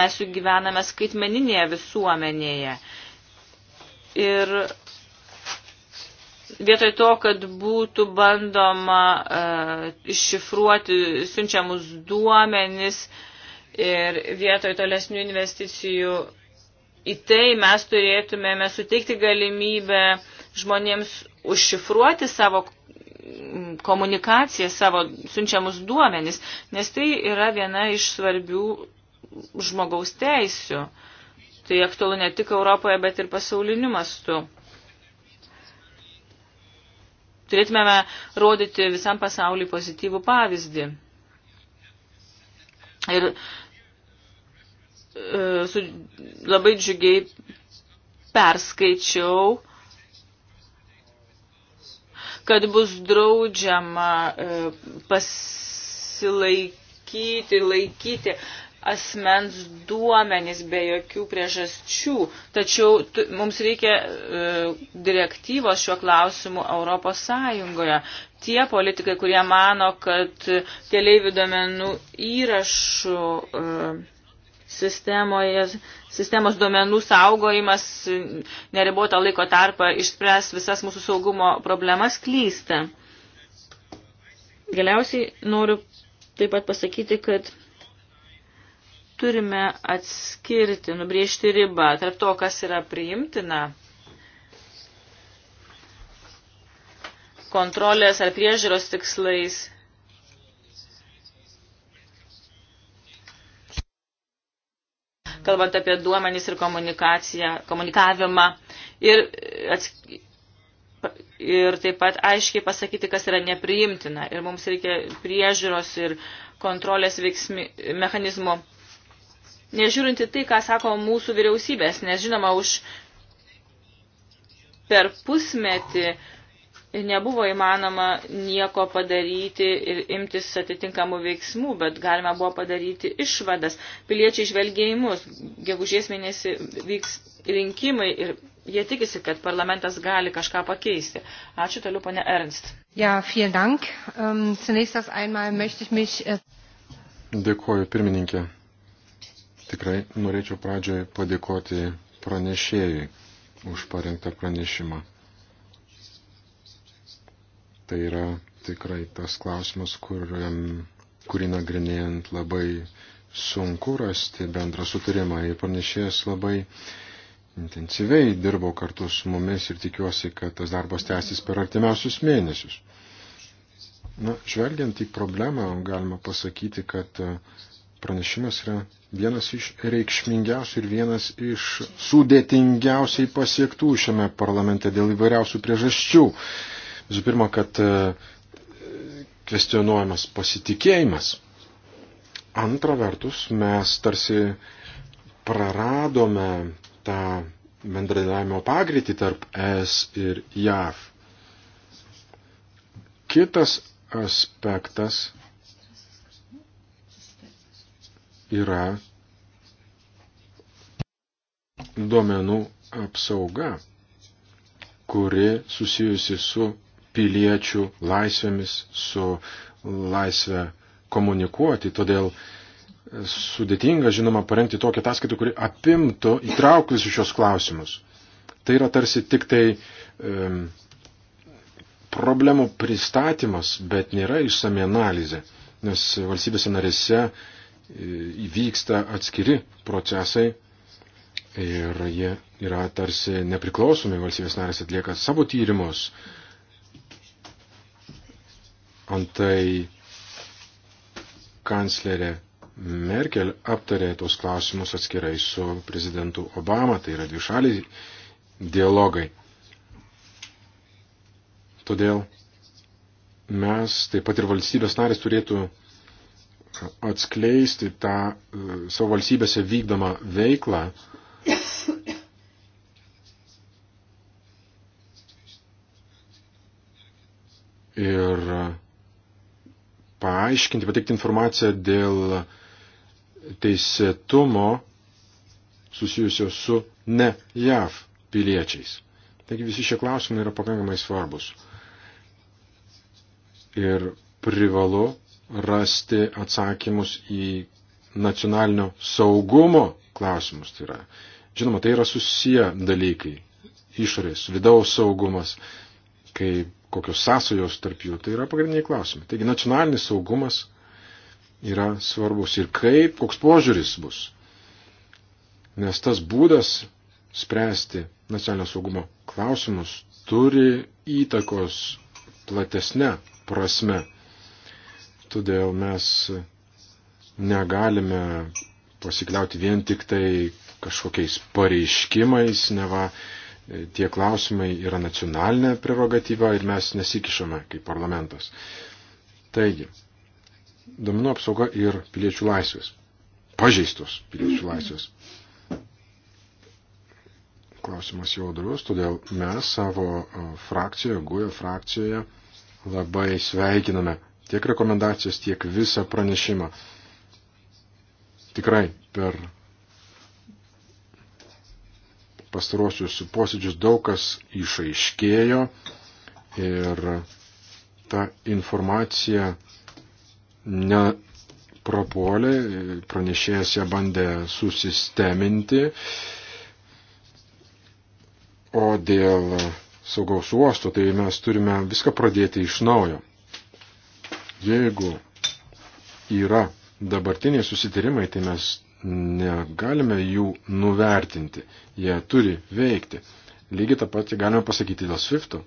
Mes juk gyvename skaitmeninėje visuomenėje. Ir vietoj to, kad būtų bandoma e, iššifruoti siunčiamus duomenis ir vietoj tolesnių investicijų į tai mes turėtumėme suteikti galimybę žmonėms užšifruoti savo komunikaciją, savo siunčiamus duomenis, nes tai yra viena iš svarbių žmogaus teisių. Tai aktualu ne tik Europoje, bet ir pasauliniu mastu turėtumėme rodyti visam pasauliu pozityvų pavyzdį. Ir e, su, labai džiugiai perskaičiau, kad bus draudžiama e, pasilaikyti, laikyti asmens duomenys be jokių priežasčių. Tačiau mums reikia e, direktyvos šiuo klausimu Europos Sąjungoje. Tie politikai, kurie mano, kad keliaivių duomenų įrašų e, sistemoje, sistemos duomenų saugojimas neribotą laiko tarpą išspręs visas mūsų saugumo problemas klysta. Galiausiai noriu taip pat pasakyti, kad Turime atskirti, nubriežti ribą tarp to, kas yra priimtina kontrolės ar priežiūros tikslais. Kalbant apie duomenys ir komunikaciją, komunikavimą ir, ir taip pat aiškiai pasakyti, kas yra nepriimtina. Ir mums reikia priežiūros ir kontrolės veiksmi, mechanizmų nežiūrinti tai, ką sako mūsų vyriausybės, nes žinoma, už per pusmetį nebuvo įmanoma nieko padaryti ir imtis atitinkamų veiksmų, bet galima buvo padaryti išvadas. Piliečiai žvelgia į mus. Gegužės mėnesį vyks rinkimai ir jie tikisi, kad parlamentas gali kažką pakeisti. Ačiū toliau, ponė Ernst. Ja, vielen Dank. Um, zunächst das einmal möchte ich mich... Äh, Dėkuoju, pirmininkė. Tikrai norėčiau pradžioje padėkoti pranešėjui už parengtą pranešimą. Tai yra tikrai tas klausimas, kur, kurį nagrinėjant labai sunku rasti bendrą sutarimą ir pranešėjas labai intensyviai dirbo kartu su mumis ir tikiuosi, kad tas darbas tęsis per artimiausius mėnesius. Na, žvelgiant į problemą, galima pasakyti, kad uh, pranešimas yra vienas iš reikšmingiausių ir vienas iš sudėtingiausiai pasiektų šiame parlamente dėl įvairiausių priežasčių. Visų pirma, kad e, kvestionuojamas pasitikėjimas. Antra vertus, mes tarsi praradome tą bendradavimo pagreitį tarp ES ir JAV. Kitas aspektas yra duomenų apsauga, kuri susijusi su piliečių laisvėmis, su laisvė komunikuoti. Todėl sudėtinga, žinoma, parengti tokią ataskaitą, kuri apimtų įtrauktus į šios klausimus. Tai yra tarsi tik tai e, problemų pristatymas, bet nėra išsami analizė, nes valstybėse narėse e, įvyksta atskiri procesai ir jie yra tarsi nepriklausomi, valstybės narės atlieka savo tyrimus. Antai kanclerė Merkel aptarė tos klausimus atskirai su prezidentu Obama, tai yra dvišaliai dialogai. Todėl mes, taip pat ir valstybės narės, turėtų atskleisti tą e, savo valstybėse vykdomą veiklą, ir paaiškinti, pateikti informaciją dėl teisėtumo susijusio su ne JAV piliečiais. Taigi visi šie klausimai yra pakankamai svarbus. Ir privalu rasti atsakymus į nacionalinio saugumo klausimus. Tai yra, žinoma, tai yra susiję dalykai. Išorės, vidaus saugumas, kai kokios sąsajos tarp jų, tai yra pagrindiniai klausimai. Taigi nacionalinis saugumas yra svarbus ir kaip, koks požiūris bus. Nes tas būdas spręsti nacionalinio saugumo klausimus turi įtakos platesnę prasme Todėl mes negalime pasikliauti vien tik tai kažkokiais pareiškimais, neva e, tie klausimai yra nacionalinė prerogatyva ir mes nesikišame kaip parlamentas. Taigi, domino apsauga ir piliečių laisvės. Pažeistos piliečių laisvės. Klausimas jaudrus, todėl mes savo e, frakcijoje, guojo frakcijoje labai sveikiname tiek rekomendacijos, tiek visą pranešimą. Tikrai per pastaruosius posėdžius daug kas išaiškėjo ir ta informacija neprapuolė, pranešėjas ją bandė susisteminti, o dėl saugaus uosto tai mes turime viską pradėti iš naujo. Jeigu yra dabartiniai susitarimai, tai mes negalime jų nuvertinti. Jie turi veikti. Lygiai tą patį galime pasakyti dėl SWIFT'o.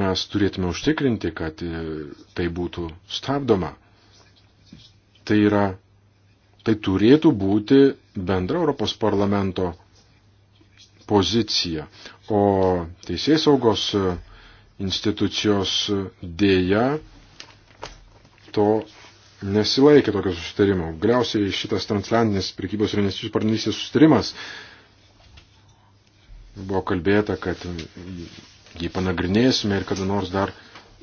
Mes turėtume užtikrinti, kad e, tai būtų stabdoma. Tai yra, tai turėtų būti bendra Europos parlamento pozicija. O teisės saugos institucijos dėja to nesilaikė tokio susitarimo. Galiausiai šitas transatlantinis prekybos ir investicijų partnerystės susitarimas buvo kalbėta, kad jį panagrinėsime ir kada nors dar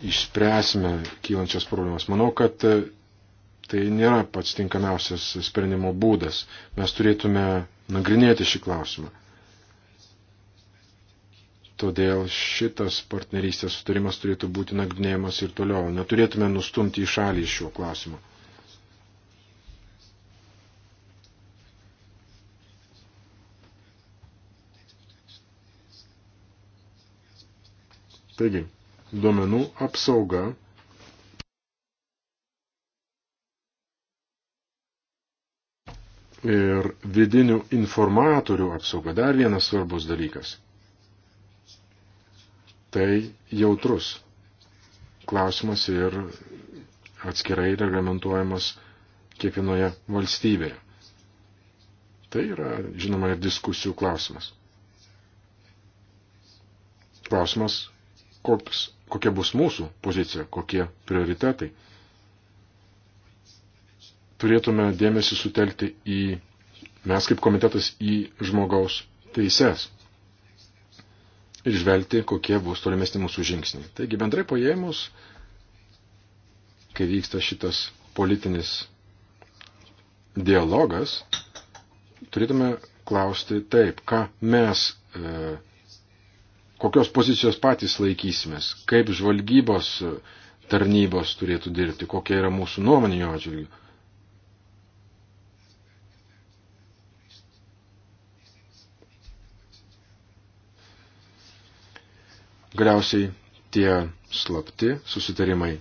išspręsime kylančias problemas. Manau, kad tai nėra pats tinkamiausias sprendimo būdas. Mes turėtume nagrinėti šį klausimą. Todėl šitas partnerystės sutarimas turėtų būti nagrinėjamas ir toliau. Neturėtume nustumti į šalį šiuo klausimu. Taigi, duomenų apsauga ir vidinių informatorių apsauga dar vienas svarbus dalykas tai jautrus klausimas ir atskirai reglamentuojamas kiekvienoje valstybėje. Tai yra, žinoma, ir diskusijų klausimas. Klausimas, koks, kokia bus mūsų pozicija, kokie prioritetai. Turėtume dėmesį sutelkti į, mes kaip komitetas, į žmogaus teises ir žvelgti, kokie bus tolimesni mūsų žingsniai. Taigi bendrai paėmus, kai vyksta šitas politinis dialogas, turėtume klausti taip, ką mes, e, kokios pozicijos patys laikysimės, kaip žvalgybos tarnybos turėtų dirbti, kokia yra mūsų nuomonė jo atžvilgiu. Galiausiai tie slapti susitarimai,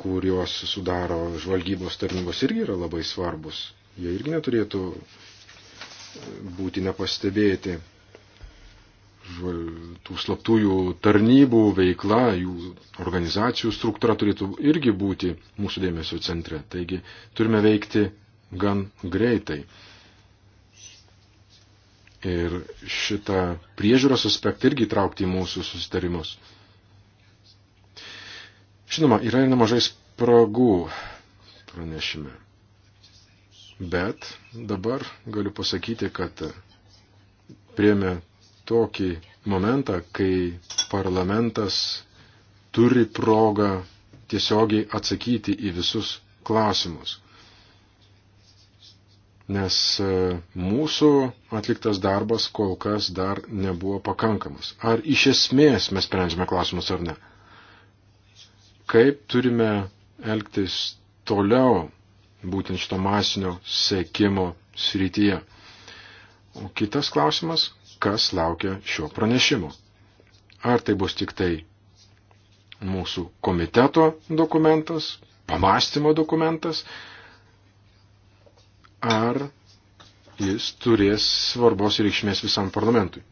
kuriuos sudaro žvalgybos tarnybos, irgi yra labai svarbus. Jie irgi neturėtų būti nepastebėti. Žval... Tų slaptųjų tarnybų veikla, jų organizacijų struktūra turėtų irgi būti mūsų dėmesio centre. Taigi turime veikti gan greitai. Ir šitą priežiūros aspektą irgi traukti į mūsų susitarimus. Žinoma, yra ir nemažai spragų pranešime. Bet dabar galiu pasakyti, kad priemė tokį momentą, kai parlamentas turi progą tiesiogiai atsakyti į visus klausimus nes e, mūsų atliktas darbas kol kas dar nebuvo pakankamas. Ar iš esmės mes sprendžiame klausimus ar ne? Kaip turime elgtis toliau būtent šito masinio sėkimo srityje? O kitas klausimas, kas laukia šio pranešimo? Ar tai bus tik tai mūsų komiteto dokumentas, pamastymo dokumentas, ar jis turės svarbos ir reikšmės visam parlamentui.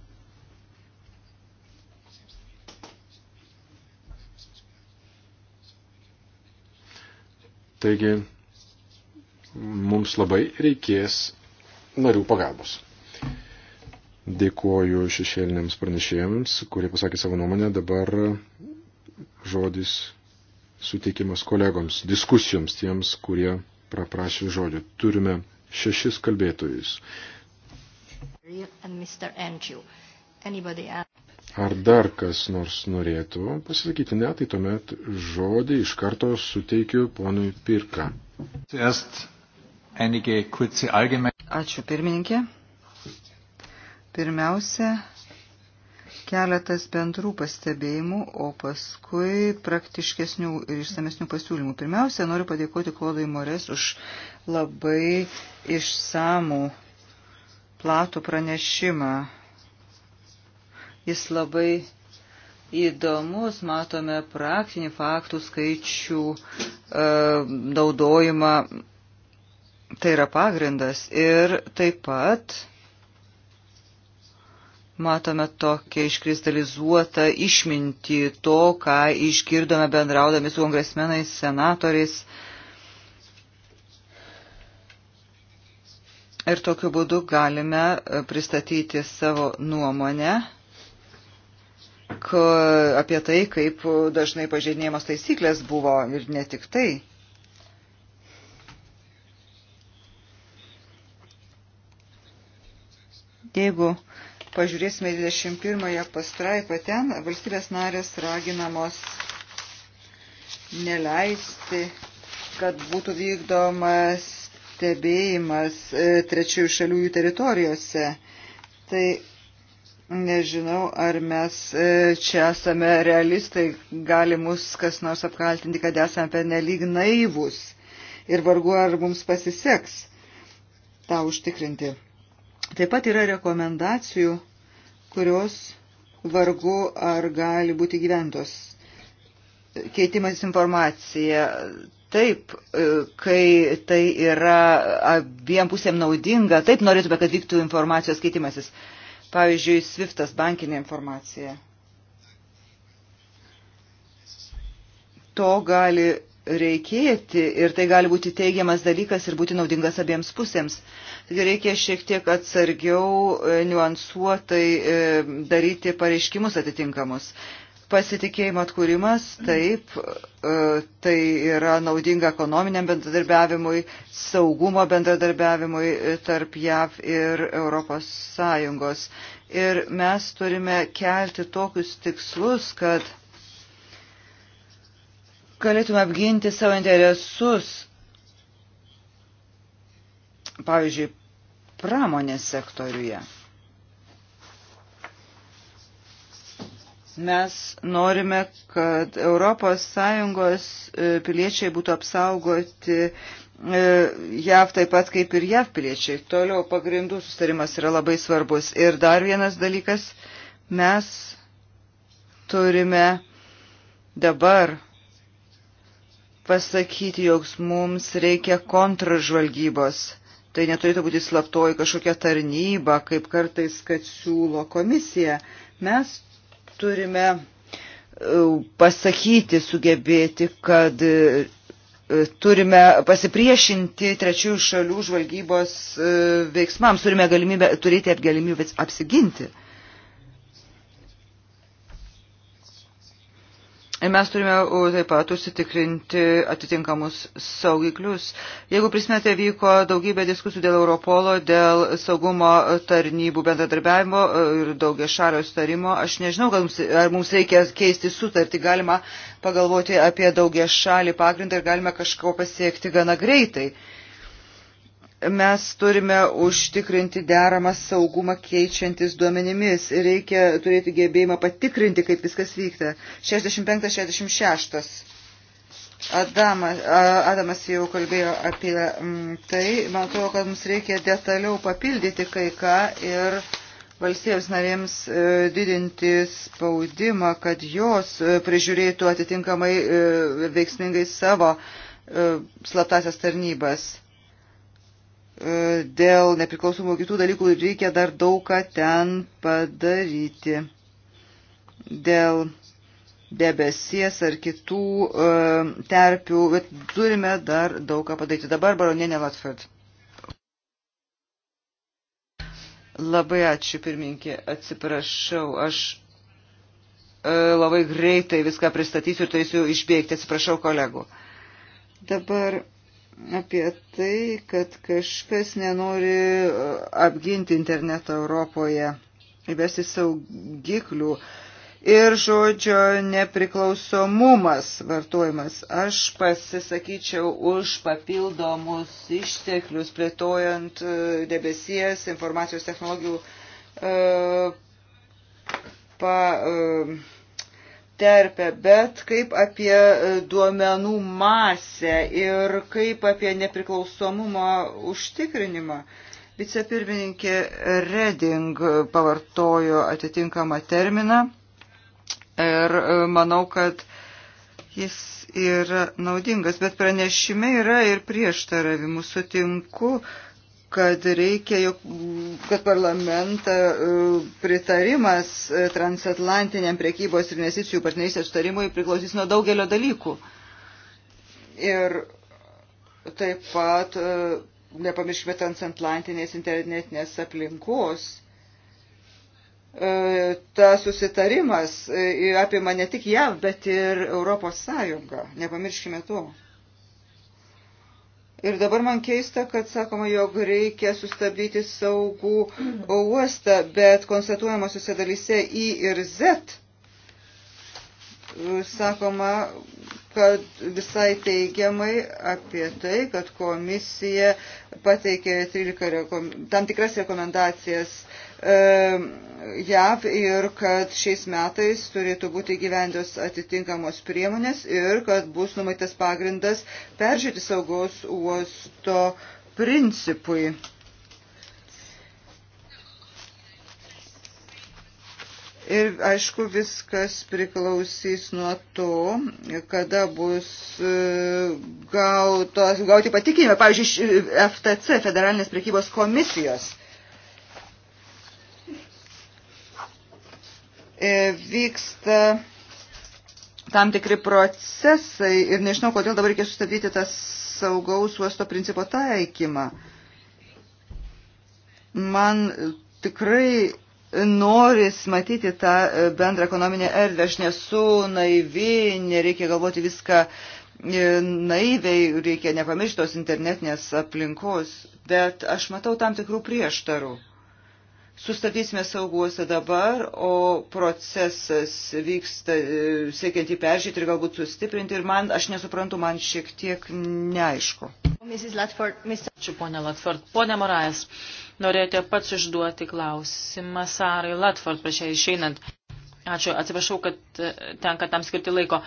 Taigi, mums labai reikės narių pagalbos. Dėkuoju šešėliniams pranešėjams, kurie pasakė savo nuomonę. Dabar žodis suteikimas kolegoms, diskusijoms tiems, kurie praprašė žodžio. Turime šešis kalbėtojus. Ar dar kas nors norėtų pasakyti ne, tai tuomet žodį iš karto suteikiu ponui Pirka. Ačiū pirmininkė. Pirmiausia, keletas bendrų pastebėjimų, o paskui praktiškesnių ir išsamesnių pasiūlymų. Pirmiausia, noriu padėkoti Klodai Morės už labai išsamų platų pranešimą. Jis labai įdomus, matome praktinį faktų skaičių e, naudojimą. Tai yra pagrindas. Ir taip pat matome tokią iškristalizuotą išmintį to, ką išgirdome bendraudami su kongresmenais, senatoriais. Ir tokiu būdu galime e, pristatyti savo nuomonę apie tai, kaip dažnai pažeidinėjamos taisyklės buvo ir ne tik tai. Jeigu uh, pažiūrėsime 21 pastraipą, ten valstybės narės raginamos neleisti, kad būtų vykdomas stebėjimas e, trečiųjų šalių jų teritorijose. Tai nežinau, ar mes e, čia esame realistai, gali mus kas nors apkaltinti, kad esame pernelyg naivus ir vargu ar mums pasiseks tą užtikrinti. Taip pat yra rekomendacijų, kurios vargu ar gali būti gyventos. Keitimas informacija. Taip, e, kai tai yra abiem pusėm naudinga, taip norėtume, kad vyktų informacijos keitimasis. Pavyzdžiui, Swiftas bankinė informacija. To gali reikėti ir tai gali būti teigiamas dalykas ir būti naudingas abiems pusėms. Taigi reikia šiek tiek atsargiau, e, niuansuotai e, daryti pareiškimus atitinkamus. Pasitikėjimo atkūrimas, taip, e, tai yra naudinga ekonominiam bendradarbiavimui, saugumo bendradarbiavimui tarp JAV ir Europos Sąjungos. Ir mes turime kelti tokius tikslus, kad galėtume apginti savo interesus, pavyzdžiui, pramonės sektoriuje. Mes norime, kad ES e, piliečiai būtų apsaugoti e, JAV taip pat kaip ir JAV piliečiai. Toliau pagrindų sustarimas yra labai svarbus. Ir dar vienas dalykas, mes turime dabar pasakyti, jog mums reikia kontražvalgybos. Tai neturėtų būti slaptoji kažkokia tarnyba, kaip kartais, kad siūlo komisija. Mes turime e, pasakyti, sugebėti, kad e, turime pasipriešinti trečiųjų šalių žvalgybos e, veiksmams, turime galimybę, turėti galimybę apsiginti. Mes turime taip pat užsitikrinti atitinkamus saugiklius. Jeigu prisimėte, vyko daugybė diskusijų dėl Europolo, dėl saugumo tarnybų bendradarbiavimo e, ir daugia šalio starimo. Aš nežinau, mums, ar mums reikia keisti sutartį. Galima pagalvoti apie daugia šalį pagrindą ir galime kažko pasiekti gana greitai. Uh, mes turime užtikrinti deramą saugumą keičiantis duomenimis ir reikia turėti gebėjimą patikrinti, kaip viskas vyksta. 65-66. Adamas, Adamas jau kalbėjo apie mm, tai. Man atrodo, kad mums reikia detaliau papildyti kai ką ir valstybės narėms e, didinti spaudimą, kad jos e, prižiūrėtų atitinkamai e, veiksmingai savo slaptasias tarnybas E, dėl nepriklausomų kitų dalykų reikia dar daug ką ten padaryti. Dėl debesies ar kitų e, terpių, bet turime dar daug ką padaryti. Dabar baronienė Latford. Labai ačiū, pirminkė, atsiprašau, aš e, labai greitai viską pristatysiu ir turėsiu išbėgti, atsiprašau kolegų. Dabar apie tai, kad kažkas nenori uh, apginti internetą Europoje, įvesti saugiklių ir žodžio nepriklausomumas vartojimas. Aš pasisakyčiau už papildomus išteklius plėtojant uh, debesies informacijos technologijų. Uh, pa, uh, terpę, bet kaip apie e, duomenų masę ir kaip apie nepriklausomumo užtikrinimą. Vicepirmininkė Reding pavartojo atitinkamą terminą ir e, manau, kad jis yra naudingas, bet pranešime yra ir prieštaravimų. Sutinku kad reikia, jog, kad parlamentą e, pritarimas e, transatlantiniam priekybos ir investicijų partnerystės sutarimui priklausys nuo daugelio dalykų. Ir taip pat e, nepamirškime transatlantinės internetinės aplinkos. Ta susitarimas apima ne tik JAV, bet ir Europos Sąjungą. Nepamirškime to. Ir dabar man keista, kad sakoma, jog reikia sustabdyti saugų uostą, bet konstatuojamosiose dalyse I ir Z sakoma, kad visai teigiamai apie tai, kad komisija pateikė 13 rekom... tam tikras rekomendacijas e, JAV ir kad šiais metais turėtų būti gyvendos atitinkamos priemonės ir kad bus numaitas pagrindas peržiūrėti saugos uosto principui. Ir aišku, viskas priklausys nuo to, kada bus e, gautos, gauti patikinimą, pavyzdžiui, iš e, FTC, Federalinės prekybos komisijos. E, vyksta tam tikri procesai ir nežinau, kodėl dabar reikia sustabdyti tą saugaus uosto principo taikymą. Man tikrai noris matyti tą e, bendrą ekonominę erdvę. Aš nesu naivi, nereikia galvoti viską e, naiviai, reikia nepamirštos internetinės aplinkos, bet aš matau tam tikrų prieštarų sustabdysime sauguose dabar, o procesas vyksta e, siekiant jį peržiūrėti ir galbūt sustiprinti. Ir man, aš nesuprantu, man šiek tiek neaišku. Ačiū, ponė Latford. Ponė Morajas, norėjote pats užduoti klausimą Sarai Latford, prašai išeinant. Ačiū, atsiprašau, kad e, tenka tam skirti laiko.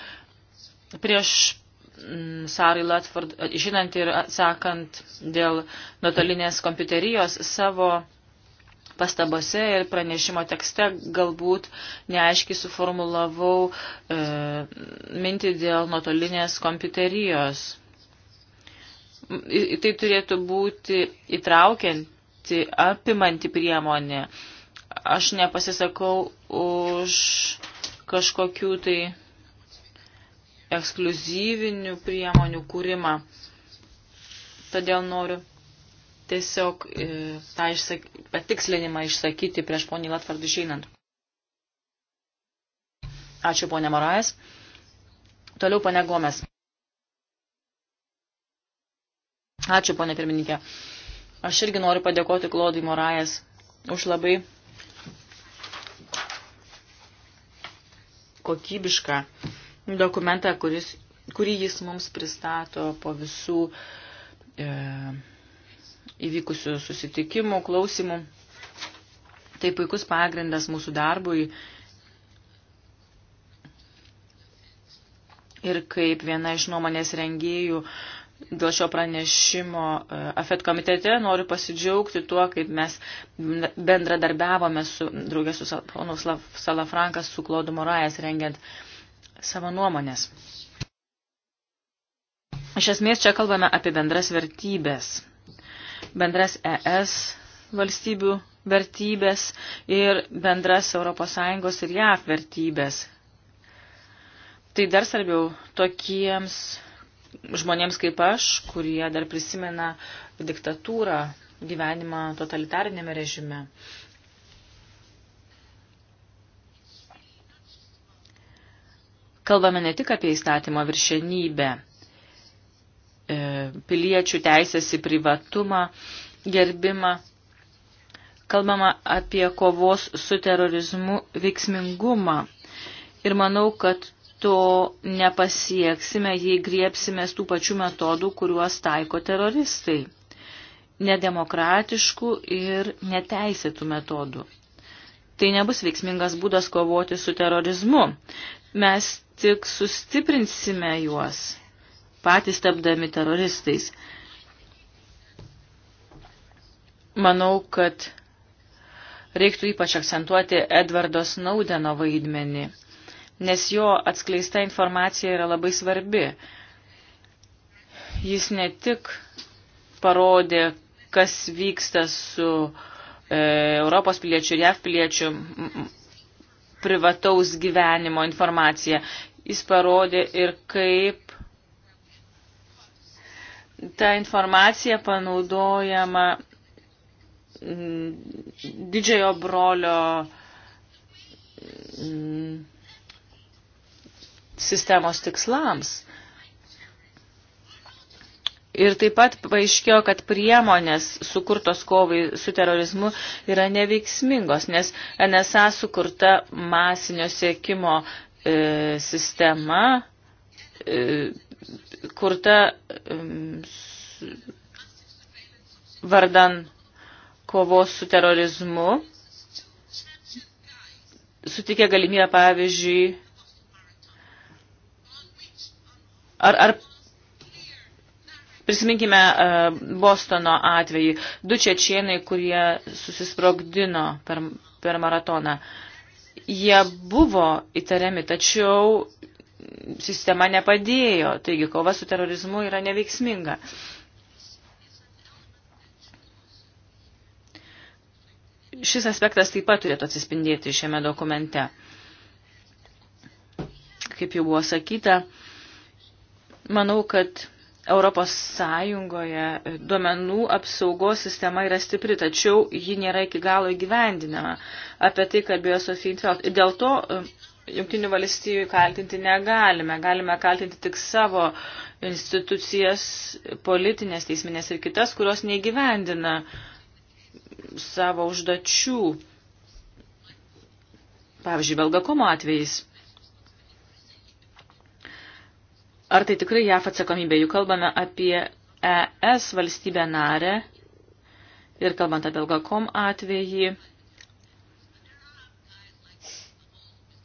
Prieš mm, Sarai Latford, e, išinant ir atsakant dėl nuotolinės kompiuterijos, savo pastabose ir pranešimo tekste galbūt neaiškiai suformulavau e, mintį dėl nuotolinės kompiuterijos. Tai turėtų būti įtraukianti, apimanti priemonė. Aš nepasisakau už kažkokių tai ekskluzyvinių priemonių kūrimą. Todėl noriu tiesiog e, tą išsak... patikslinimą išsakyti prieš ponį Latvardų išeinant. Ačiū, ponė Morajas. Toliau, ponė Gomes. Ačiū, ponė pirmininkė. Aš irgi noriu padėkoti Klodui Morajas už labai kokybišką dokumentą, kuris, kurį jis mums pristato po visų e, įvykusių susitikimų, klausimų. Tai puikus pagrindas mūsų darbui. Ir kaip viena iš nuomonės rengėjų dėl šio pranešimo e, AFET komitete noriu pasidžiaugti tuo, kaip mes bendradarbiavome su draugė su ponu Salafrankas, su Klodu Morajas rengiant savo nuomonės. Iš esmės čia kalbame apie bendras vertybės bendras ES valstybių vertybės ir bendras ES ir JAF vertybės. Tai dar svarbiau tokiems žmonėms kaip aš, kurie dar prisimena diktatūrą, gyvenimą totalitarinėme režime. Kalbame ne tik apie įstatymo viršenybę, E, piliečių teisės į privatumą, gerbimą. Kalbama apie kovos su terorizmu veiksmingumą. Ir manau, kad to nepasieksime, jei griepsime tų pačių metodų, kuriuos taiko teroristai - nedemokratiškų ir neteisėtų metodų. Tai nebus veiksmingas būdas kovoti su terorizmu. Mes tik sustiprinsime juos patys tapdami teroristais. Manau, kad reiktų ypač akcentuoti Edvardo Snaudeno vaidmenį, nes jo atskleista informacija yra labai svarbi. Jis ne tik parodė, kas vyksta su e, Europos piliečių ir JAV piliečių privataus gyvenimo informacija. Jis parodė ir kaip ta informacija panaudojama mm, didžiojo brolio mm, sistemos tikslams. Ir taip pat paaiškėjo, kad priemonės sukurtos kovai su terorizmu yra neveiksmingos, nes NSA sukurta masinio siekimo e, sistema e, kurta vardan kovos su terorizmu, sutikė galimybę, pavyzdžiui, ar, ar prisiminkime e, Bostono atvejį, du čečienai, kurie susisprogdino per, per maratoną. Jie buvo įtariami, tačiau sistema nepadėjo, taigi kova su terorizmu yra neveiksminga. Šis aspektas taip pat turėtų atsispindėti šiame dokumente. Kaip jau buvo sakyta, manau, kad Europos Sąjungoje duomenų apsaugos sistema yra stipri, tačiau ji nėra iki galo įgyvendinama. Apie tai kalbėjo Sofija Intveld. Dėl to jungtinių valstybių kaltinti negalime. Galime kaltinti tik savo institucijas, politinės, teisminės ir kitas, kurios neįgyvendina savo užduočių. Pavyzdžiui, Belgakomo atvejais. Ar tai tikrai JAF atsakomybė? Juk kalbame apie ES valstybę narę ir kalbant apie Belgakom atvejį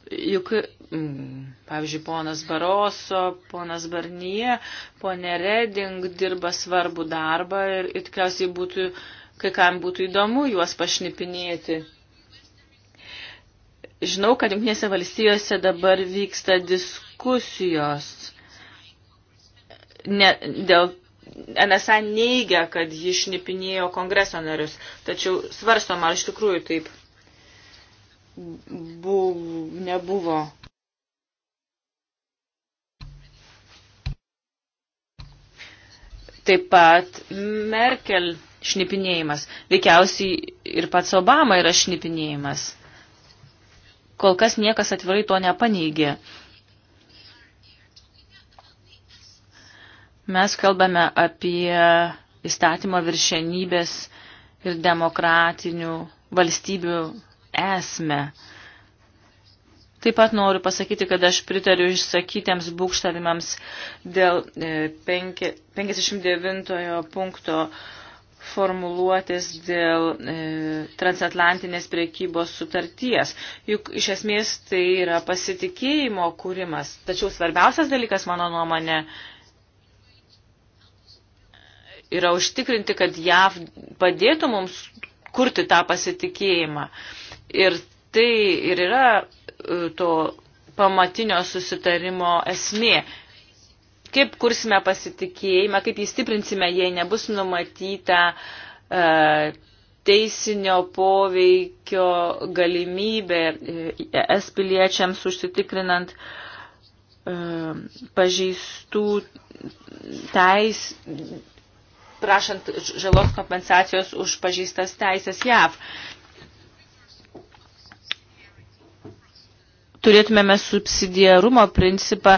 Juk, mm, pavyzdžiui, ponas Baroso, ponas Barnyje, ponė Reding dirba svarbų darbą ir, ir tikriausiai būtų, kai kam būtų įdomu juos pašnipinėti. Žinau, kad Junktinėse valstijose dabar vyksta diskusijos ne, dėl NSA neigia, kad ji šnipinėjo kongreso narius, tačiau svarstoma, ar iš tikrųjų taip buv, nebuvo. Taip pat Merkel šnipinėjimas. Veikiausiai ir pats Obama yra šnipinėjimas. Kol kas niekas atvirai to nepaneigė. Mes kalbame apie įstatymo viršenybės ir demokratinių valstybių esmę. Taip pat noriu pasakyti, kad aš pritariu išsakytiems būkštavimams dėl 59 e, punkto formuluotės dėl e, transatlantinės priekybos sutarties. Juk iš esmės tai yra pasitikėjimo kūrimas. Tačiau svarbiausias dalykas, mano nuomonė, yra užtikrinti, kad JAV padėtų mums kurti tą pasitikėjimą. E, Ir tai ir yra e, to pamatinio susitarimo esmė. Kaip kursime pasitikėjimą, kaip jį stiprinsime, jei nebus numatyta e, teisinio poveikio galimybė e, es piliečiams užsitikrinant e, pažeistų teis, prašant žalos kompensacijos už pažeistas teisės JAV. turėtumėme subsidiarumo principą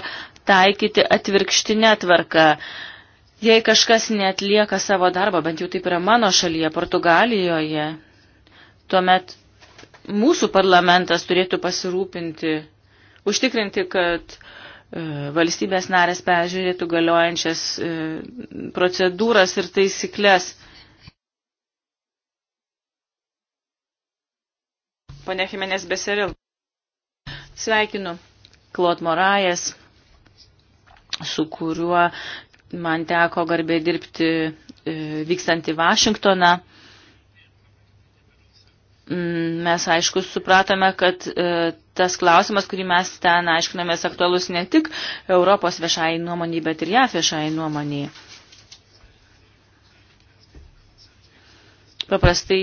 taikyti atvirkštinę tvarką. Jei kažkas netlieka savo darbo, bent jau taip yra mano šalyje, Portugalijoje, tuomet mūsų parlamentas turėtų pasirūpinti, užtikrinti, kad e, valstybės narės peržiūrėtų galiojančias e, procedūras ir taisyklės. Pane Jimenez Beseril. Sveikinu Klot Morajas, su kuriuo man teko garbė dirbti e, vykstant į Vašingtoną. Mm, mes aišku supratome, kad e, tas klausimas, kurį mes ten aiškinamės aktualus ne tik Europos viešai nuomoniai, bet ir JAF viešai nuomoniai. Paprastai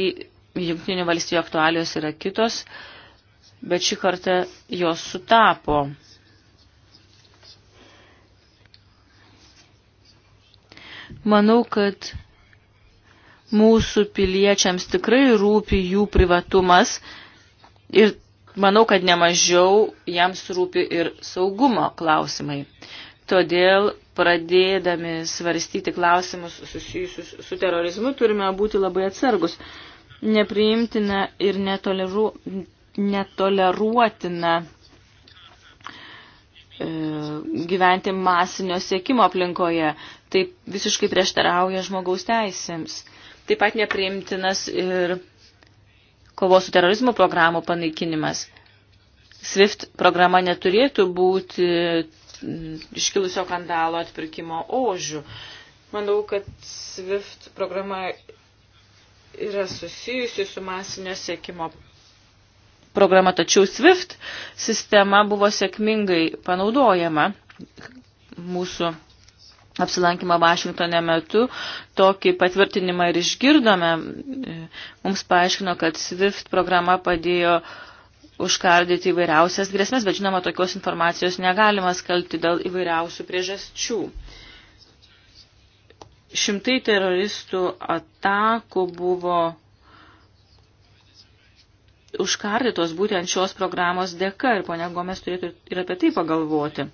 jungtinių valstybių aktualios yra kitos. Uh, bet šį kartą jos sutapo. Manau, kad mūsų piliečiams tikrai rūpi jų privatumas ir manau, kad nemažiau jiems rūpi ir saugumo klausimai. Todėl pradėdami svarstyti klausimus susijusius su terorizmu turime būti labai atsargus. Nepriimtina ir netoleru, netoleruotina e, gyventi masinio siekimo aplinkoje. Tai visiškai prieštarauja žmogaus teisėms. Taip pat nepriimtinas ir kovos su terorizmu programų panaikinimas. SWIFT programa neturėtų būti iškilusio kandalo atpirkimo ožių. Manau, kad SWIFT programa yra susijusi su masinio sėkimo programa, tačiau SWIFT sistema buvo sėkmingai panaudojama mūsų apsilankymą Vašingtone metu. Tokį patvirtinimą ir išgirdome. Mums paaiškino, kad SWIFT programa padėjo užkardyti įvairiausias grėsmės, bet žinoma, tokios informacijos negalima skalti dėl įvairiausių priežasčių. Šimtai teroristų atakų buvo užkardytos būtent šios programos dėka ir ponia Gomes turėtų ir apie tai pagalvoti.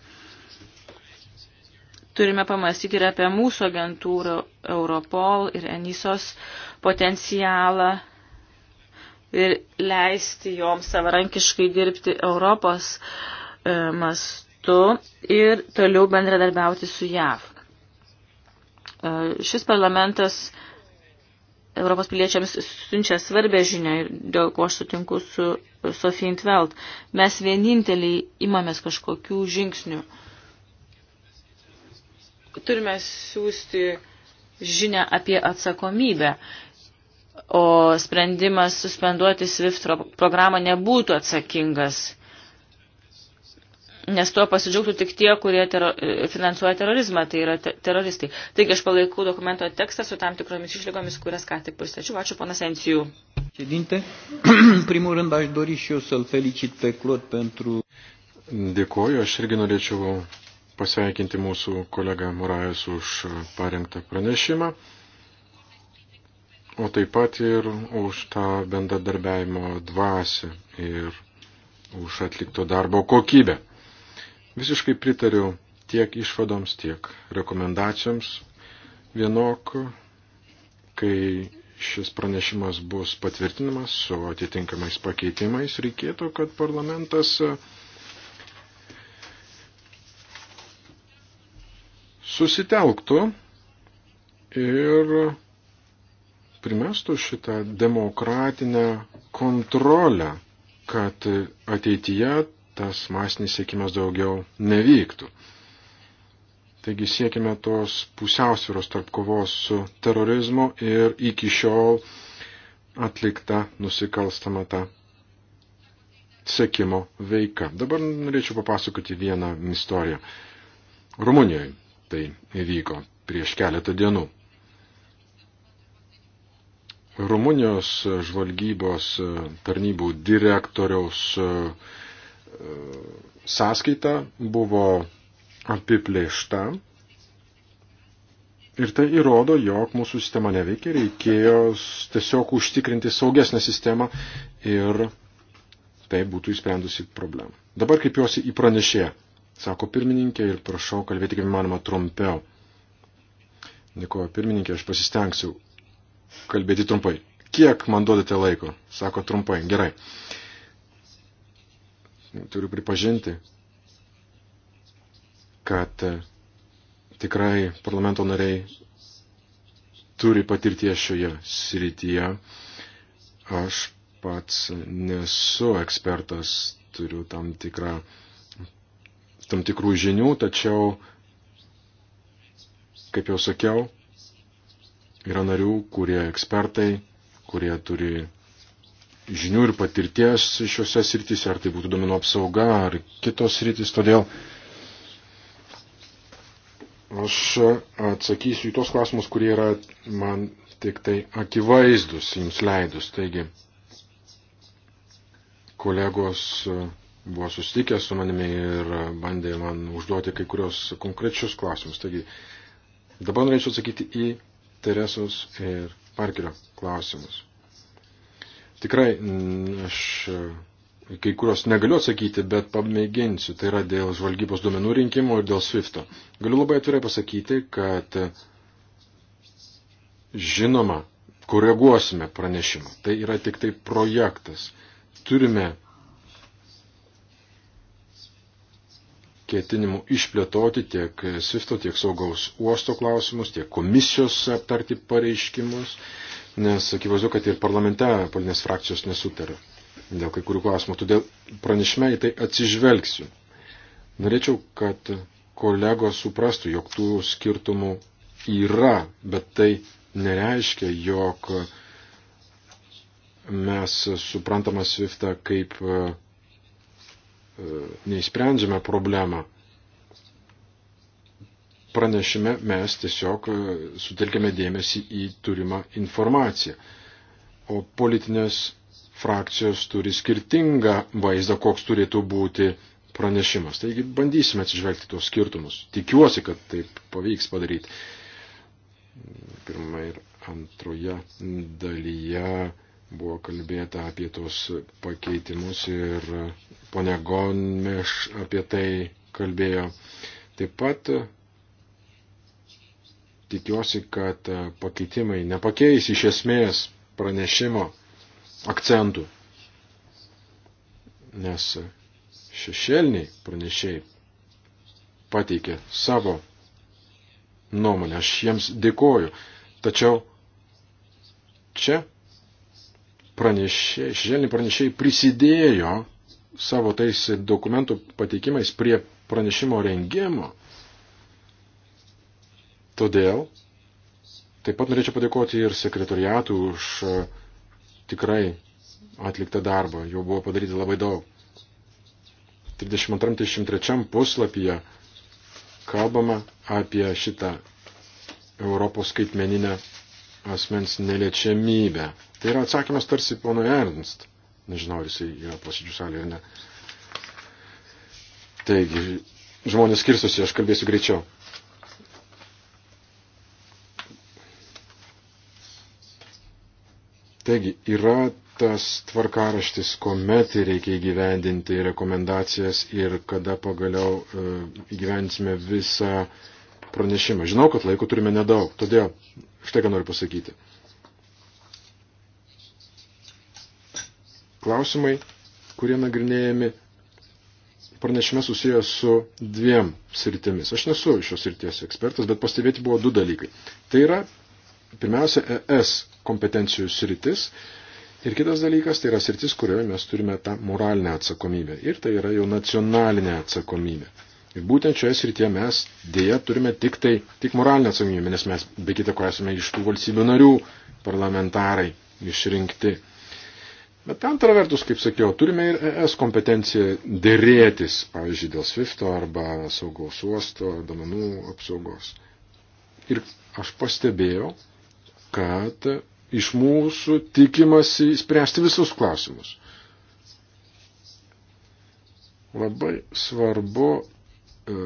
Turime pamastyti ir apie mūsų agentūrų Europol ir Enisos potencialą ir leisti joms savarankiškai dirbti Europos e, mastu ir toliau bendradarbiauti su JAV. E, šis parlamentas Europos piliečiams siunčia svarbę žinę ir dėl ko aš sutinku su Sofie Intveld. Mes vieninteliai imamės kažkokių žingsnių. Turime siūsti žinę apie atsakomybę, o sprendimas suspenduoti SWIFT programą nebūtų atsakingas nes tuo pasidžiaugtų tik tie, kurie tero, finansuoja terorizmą, tai yra te, teroristai. Taigi aš palaikau dokumento tekstą su tam tikromis išlygomis, kurias ką tik pristačiau. Ačiū, ponas Encijų. Ședinte, [clears throat] în primul rând aș dori și eu să-l felicit pe Claude pentru... Dėkoju, aš irgi norėčiau pasveikinti mūsų kolegą Morajas už parengtą pranešimą, o taip pat ir už tą bendradarbiavimo dvasę ir už atlikto darbo kokybę. Visiškai pritariu tiek išvadoms, tiek rekomendacijoms. Vienok, kai šis pranešimas bus patvirtinimas su atitinkamais pakeitimais, reikėtų, kad parlamentas e, susitelktų ir primestų šitą demokratinę kontrolę, kad ateityje tas masinis siekimas daugiau nevyktų. Taigi siekime tos pusiausvyros tarp kovos su terorizmu ir iki šiol atlikta nusikalstama ta sekimo veika. Dabar norėčiau papasakoti vieną istoriją. Rumunijoje tai įvyko prieš keletą dienų. Rumunijos žvalgybos tarnybų direktoriaus sąskaita buvo apiplėšta. Ir tai įrodo, jog mūsų sistema neveikia, reikėjo tiesiog užtikrinti saugesnę sistemą ir tai būtų įsprendusi problemą. Dabar kreipiuosi į pranešėją, sako pirmininkė ir prašau kalbėti kaip įmanoma trumpiau. Dėkuoju pirmininkė, aš pasistengsiu kalbėti trumpai. Kiek man duodate laiko? Sako trumpai. Gerai. Uh, Nu, turiu pripažinti, kad e, tikrai parlamento nariai turi patirties šioje srityje. Aš pats nesu ekspertas, turiu tam, tikrą, tam tikrų žinių, tačiau, kaip jau sakiau, yra narių, kurie ekspertai, kurie turi žinių ir patirties šiuose srityse, ar tai būtų domenų apsauga, ar kitos srityse. Todėl aš atsakysiu į tos klausimus, kurie yra man tik tai akivaizdus, jums leidus. Taigi, kolegos buvo susitikę su manimi ir bandė man užduoti kai kurios konkrečius klausimus. Taigi, dabar norėčiau atsakyti į Teresos ir Parkerio klausimus. Tikrai mm, aš e, kai kurios negaliu atsakyti, bet pamėginsiu. Tai yra dėl žvalgybos duomenų rinkimo ir dėl SWIFT'o. Galiu labai atvirai pasakyti, kad e, žinoma, koreguosime pranešimą. Tai yra tik tai projektas. Turime ketinimų išplėtoti tiek SWIFT'o, tiek saugaus uosto klausimus, tiek komisijos aptarti pareiškimus nes akivaizdu, kad ir parlamente politinės frakcijos nesutarė dėl kai kurių klausimų. Todėl pranešime į tai atsižvelgsiu. Norėčiau, kad kolegos suprastų, jog tų skirtumų yra, bet tai nereiškia, jog mes suprantame Swiftą kaip e, e, neįsprendžiame problemą pranešime mes tiesiog e, sutelkėme dėmesį į turimą informaciją. O politinės frakcijos turi skirtingą vaizdą, koks turėtų būti pranešimas. Taigi bandysime atsižvelgti tuos skirtumus. Tikiuosi, kad taip pavyks padaryti. Pirma ir antroje dalyje buvo kalbėta apie tos pakeitimus ir ponia Gonmeš apie tai kalbėjo. Taip pat Tikiuosi, kad e, pakeitimai nepakeis iš esmės pranešimo akcentų, nes šešėliniai pranešiai pateikė savo nuomonę, aš jiems dėkoju, tačiau čia pranešė, šešėliniai pranešiai prisidėjo savo tais dokumentų pateikimais prie pranešimo rengimo Todėl taip pat norėčiau padėkoti ir sekretoriatų už e, tikrai atliktą darbą. Jo buvo padaryti labai daug. 32-33 puslapyje kalbama apie šitą Europos skaitmeninę asmens neliečiamybę. Tai yra atsakymas tarsi pono Ernst. Nežinau, ar jisai yra posėdžių salėje ar ne. Taigi, žmonės skirstosi, aš kalbėsiu greičiau. Taigi yra tas tvarkaraštis, kuomet reikia įgyvendinti rekomendacijas ir kada pagaliau e, įgyvendinsime visą pranešimą. Žinau, kad laiko turime nedaug, todėl štai ką noriu pasakyti. Klausimai, kurie nagrinėjami pranešime susijęs su dviem sritimis. Aš nesu šios srities ekspertas, bet pastebėti buvo du dalykai. Tai yra Pirmiausia, ES kompetencijų sritis ir kitas dalykas tai yra sritis, kurioje mes turime tą moralinę atsakomybę ir tai yra jau nacionalinė atsakomybė. Ir būtent šioje srityje mes dėja turime tik, tai, tik moralinę atsakomybę, nes mes be kita ko esame iš tų valstybių narių parlamentarai išrinkti. Bet antra vertus, kaip sakiau, turime ir ES kompetenciją dėrėtis, pavyzdžiui, dėl SWIFT arba saugaus uosto, domenų apsaugos. Ir aš pastebėjau, kad iš mūsų tikimasi spręsti visus klausimus. Labai svarbu e,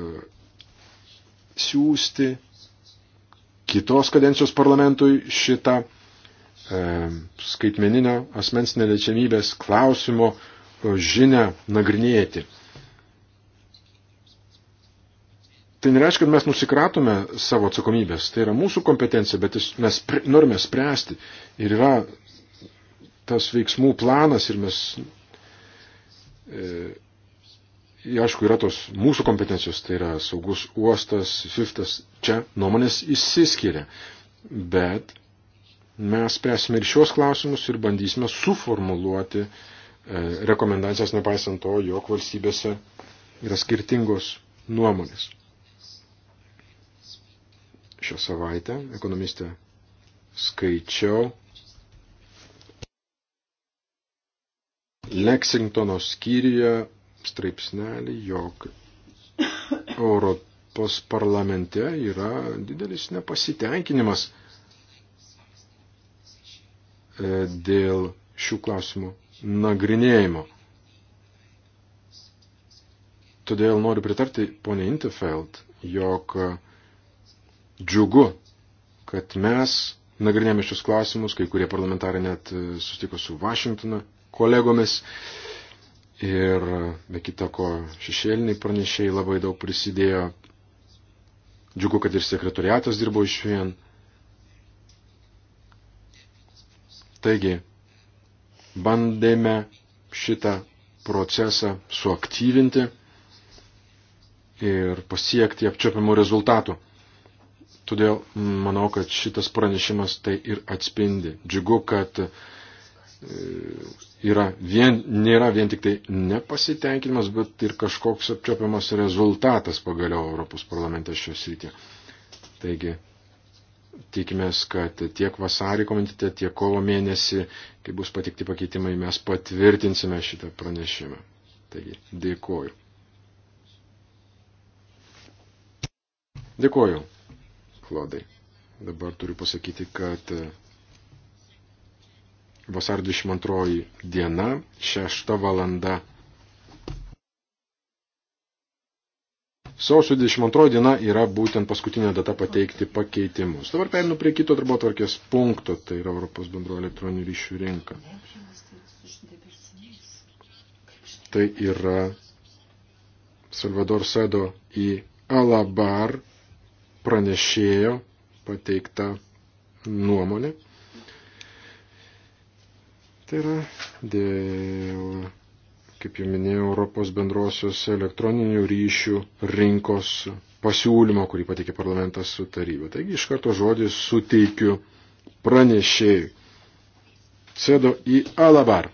siūsti kitos kadencijos parlamentui šitą e, skaitmeninio asmens neliečiamybės klausimo e, žinę nagrinėti. Tai nereiškia, kad mes nusikratome savo atsakomybės. Tai yra mūsų kompetencija, bet mes norime spręsti. Ir yra tas veiksmų planas ir mes. E, aišku, yra tos mūsų kompetencijos, tai yra saugus uostas, fiftas, čia nuomonės įsiskiria. Bet mes spręsime ir šios klausimus ir bandysime suformuluoti e, rekomendacijas, nepaisant to, jog valstybėse yra skirtingos nuomonės šią savaitę, ekonomistė skaičiau Lexingtono skyriuje straipsnelį, jog Europos parlamente yra didelis nepasitenkinimas e, dėl šių klausimų nagrinėjimo. Todėl noriu pritarti ponė Intefeld, jog uh, džiugu, kad mes nagrinėjame šius klausimus, kai kurie parlamentarai net e, sustiko su Vašingtono kolegomis ir e, be kita ko šešėliniai pranešėjai labai daug prisidėjo. Džiugu, kad ir sekretoriatas dirbo iš vien. Taigi, bandėme šitą procesą suaktyvinti ir pasiekti apčiopiamų rezultatų. Todėl manau, kad šitas pranešimas tai ir atspindi. Džiugu, kad e, yra vien, nėra vien tik tai nepasitenkinimas, bet ir kažkoks apčiopiamas rezultatas pagaliau Europos parlamente šios rytė. Taigi, tikimės, kad tiek vasarį komitete, tiek kovo mėnesį, kai bus patikti pakeitimai, mes patvirtinsime šitą pranešimą. Taigi, dėkoju. Dėkoju Klodai. Dabar turiu pasakyti, kad e, vasario 22 diena, 6 valanda. Sausio 22 diena yra būtent paskutinė data pateikti pakeitimus. Dabar perinu prie kito darbo tvarkės punkto, tai yra Europos bendro elektroninių ryšių rinka. Tai yra Salvador Sedo į Alabar pranešėjo pateikta nuomonė. Tai yra dėl, kaip jau minėjau, Europos bendrosios elektroninių ryšių rinkos pasiūlymo, kurį pateikė parlamentas su taryba. Taigi iš karto žodį suteikiu pranešėjui. Cedo į Alabar.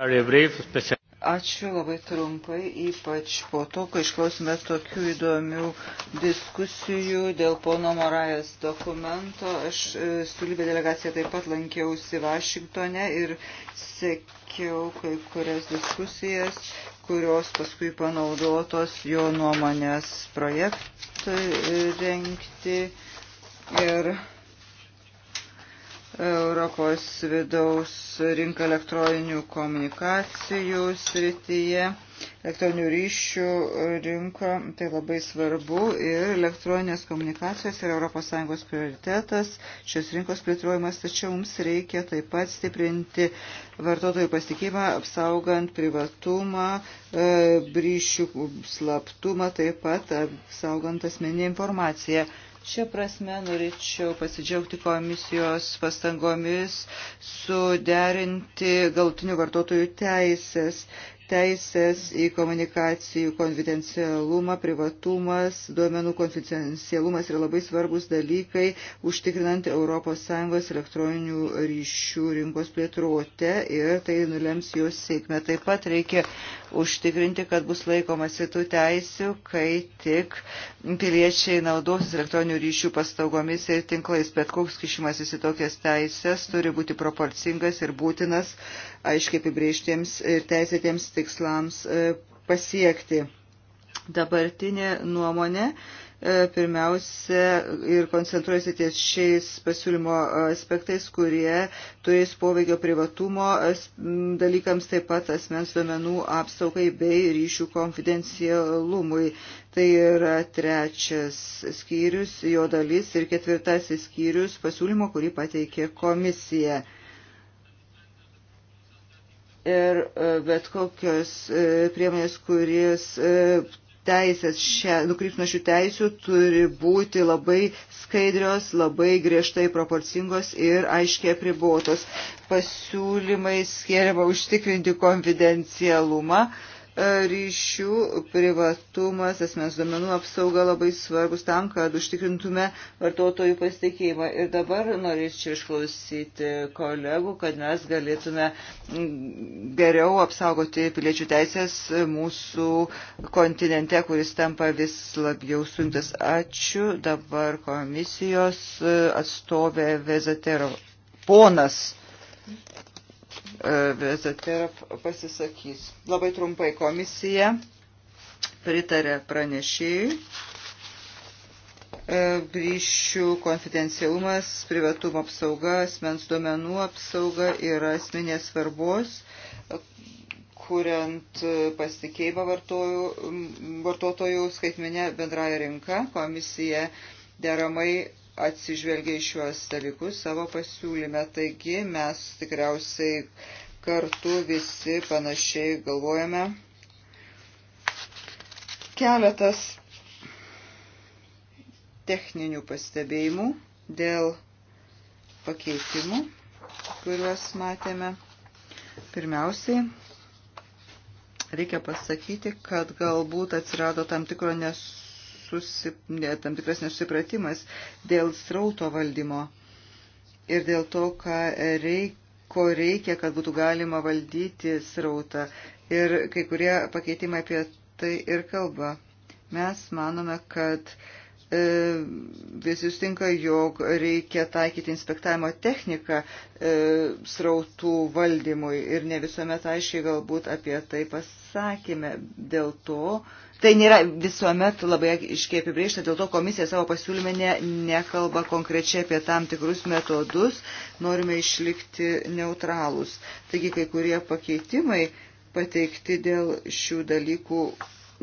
Ar brief, special... Ačiū labai trumpai, ypač po to, kai išklausime tokių įdomių diskusijų dėl pono Morajas dokumento. Aš e, su Libė delegacija taip pat lankiausi Vašingtone ir sekiau kai kurias diskusijas, kurios paskui panaudotos jo nuomonės projektui renkti. Ir Europos vidaus rinka elektroninių komunikacijų srityje, elektroninių ryšių rinka, tai labai svarbu ir elektroninės komunikacijos yra ES prioritetas, šios rinkos plėtrojimas, tačiau mums reikia taip pat stiprinti vartotojų pasitikimą, apsaugant privatumą, e, ryšių slaptumą, taip pat apsaugant asmeninį informaciją. Šia prasme norėčiau pasidžiaugti komisijos pastangomis suderinti galtinių vartotojų teisės teisės į komunikacijų konfidencialumą, privatumas, duomenų konfidencialumas yra labai svarbus dalykai, užtikrinant ES elektroninių ryšių rinkos plėtruotę ir tai nulems jos sėkmę. Taip pat reikia užtikrinti, kad bus laikomasi tų teisių, kai tik piliečiai naudosis elektroninių ryšių paslaugomis ir tinklais, bet koks kišimasis į tokias teisės turi būti proporcingas ir būtinas aiškiai apibrieštiems ir teisėtiems tikslams e, pasiekti. Dabartinė nuomonė e, pirmiausia ir koncentruojasi ties šiais pasiūlymo aspektais, kurie turės poveikio privatumo e, dalykams, taip pat asmens duomenų apsaugai bei ryšių konfidencialumui. Tai yra trečias skyrius, jo dalis ir ketvirtasis skyrius pasiūlymo, kurį pateikė komisija ir e, bet kokios e, priemonės, kuris e, teisės šią, nukryps nuo šių teisių, turi būti labai skaidrios, labai griežtai proporcingos ir aiškiai apribotos. Pasiūlymai skiriama užtikrinti konfidencialumą ryšių privatumas, asmens duomenų apsauga labai svarbus tam, kad užtikrintume vartotojų pasitikėjimą. Ir dabar norėčiau išklausyti kolegų, kad mes galėtume geriau apsaugoti piliečių teisės mūsų kontinente, kuris tampa vis labiau suntas. Ačiū dabar komisijos atstovė Vezaterov. Ponas. E, Vezeterap pasisakys. Labai trumpai komisija pritarė pranešėjui. Grįšių e, konfidencialumas, privatumo apsauga, asmens duomenų apsauga yra asmenės svarbos, kuriant pasitikėjimą vartotojų skaitminę bendrąją rinką. Komisija deramai atsižvelgia į šiuos dalykus savo pasiūlyme. Taigi mes tikriausiai kartu visi panašiai galvojame. Keletas techninių pastebėjimų dėl pakeitimų, kuriuos matėme. Pirmiausiai, reikia pasakyti, kad galbūt atsirado tam tikro nesu susi, ne, tam tikras nesusipratimas dėl srauto valdymo ir dėl to, reik, ko reikia, kad būtų galima valdyti srautą. Ir kai kurie pakeitimai apie tai ir kalba. Mes manome, kad e, visi sutinka, jog reikia taikyti inspektavimo techniką e, srautų valdymui ir ne visuomet aiškiai galbūt apie tai pasakėme. Dėl to tai nėra visuomet labai iškiai apibriežta, dėl to komisija savo pasiūlyme ne, nekalba konkrečiai apie tam tikrus metodus, norime išlikti neutralūs. Taigi kai kurie pakeitimai pateikti dėl šių dalykų,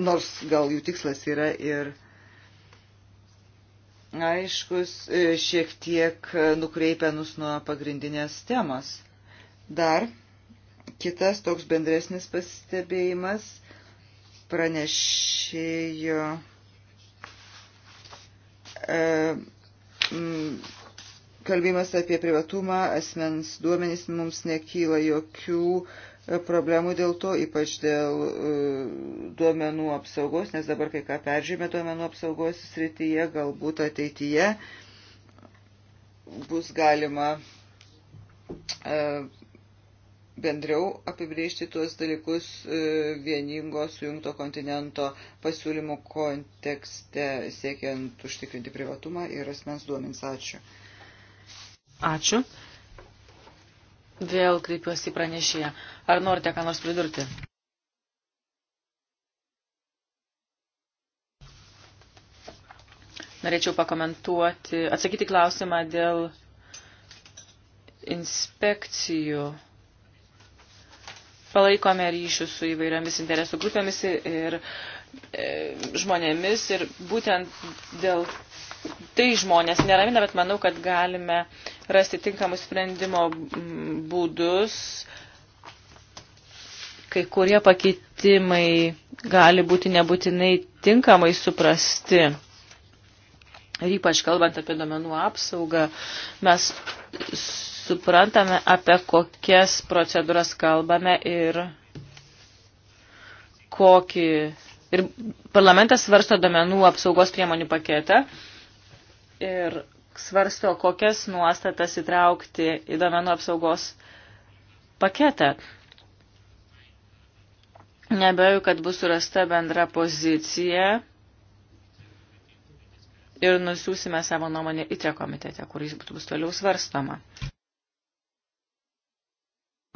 nors gal jų tikslas yra ir aiškus, e, šiek tiek nukreipia nus nuo pagrindinės temos. Dar kitas toks bendresnis pastebėjimas – pranešėjo e, kalbėjimas apie privatumą, asmens duomenys mums nekyla jokių e, problemų dėl to, ypač dėl e, duomenų apsaugos, nes dabar kai ką peržymė duomenų apsaugos srityje, galbūt ateityje bus galima bendriau apibriežti tuos dalykus e, vieningo sujungto kontinento pasiūlymų kontekste, siekiant užtikrinti privatumą ir asmens duomenys. Ačiū. Ačiū. Vėl kreipiuosi į pranešėją. Ar norite ką nors pridurti? Norėčiau pakomentuoti, atsakyti klausimą dėl inspekcijų palaikome ryšius su įvairiomis interesų grupėmis ir e, žmonėmis ir būtent dėl tai žmonės neramina, bet manau, kad galime rasti tinkamus sprendimo būdus. Kai kurie pakeitimai gali būti nebūtinai tinkamai suprasti. Ir ypač kalbant apie domenų apsaugą, mes suprantame, apie kokias procedūras kalbame ir kokį. Ir parlamentas svarsto domenų apsaugos priemonių paketą ir svarsto, kokias nuostatas įtraukti į domenų apsaugos paketą. Nebejoju, kad bus surasta bendra pozicija ir nusiūsime savo nuomonę į tie komitete, kuris bus toliau svarstoma.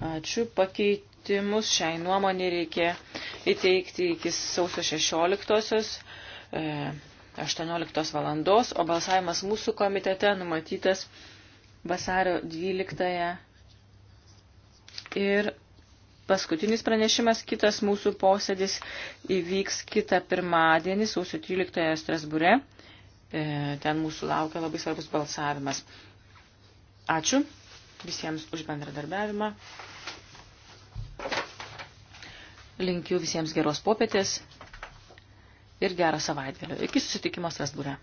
Ačiū. Pakeitimus šiai nuomonė reikia įteikti iki sausio 16-osios. 18 e, valandos, o balsavimas mūsų komitete numatytas vasario 12-ąją. Ir paskutinis pranešimas, kitas mūsų posėdis įvyks kitą pirmadienį, sausio 13-ąją Strasbūre. E, ten mūsų laukia labai svarbus balsavimas. Ačiū visiems už bendradarbiavimą. Linkiu visiems geros popietės ir gerą savaitgalį. Iki susitikimo Strasbūre.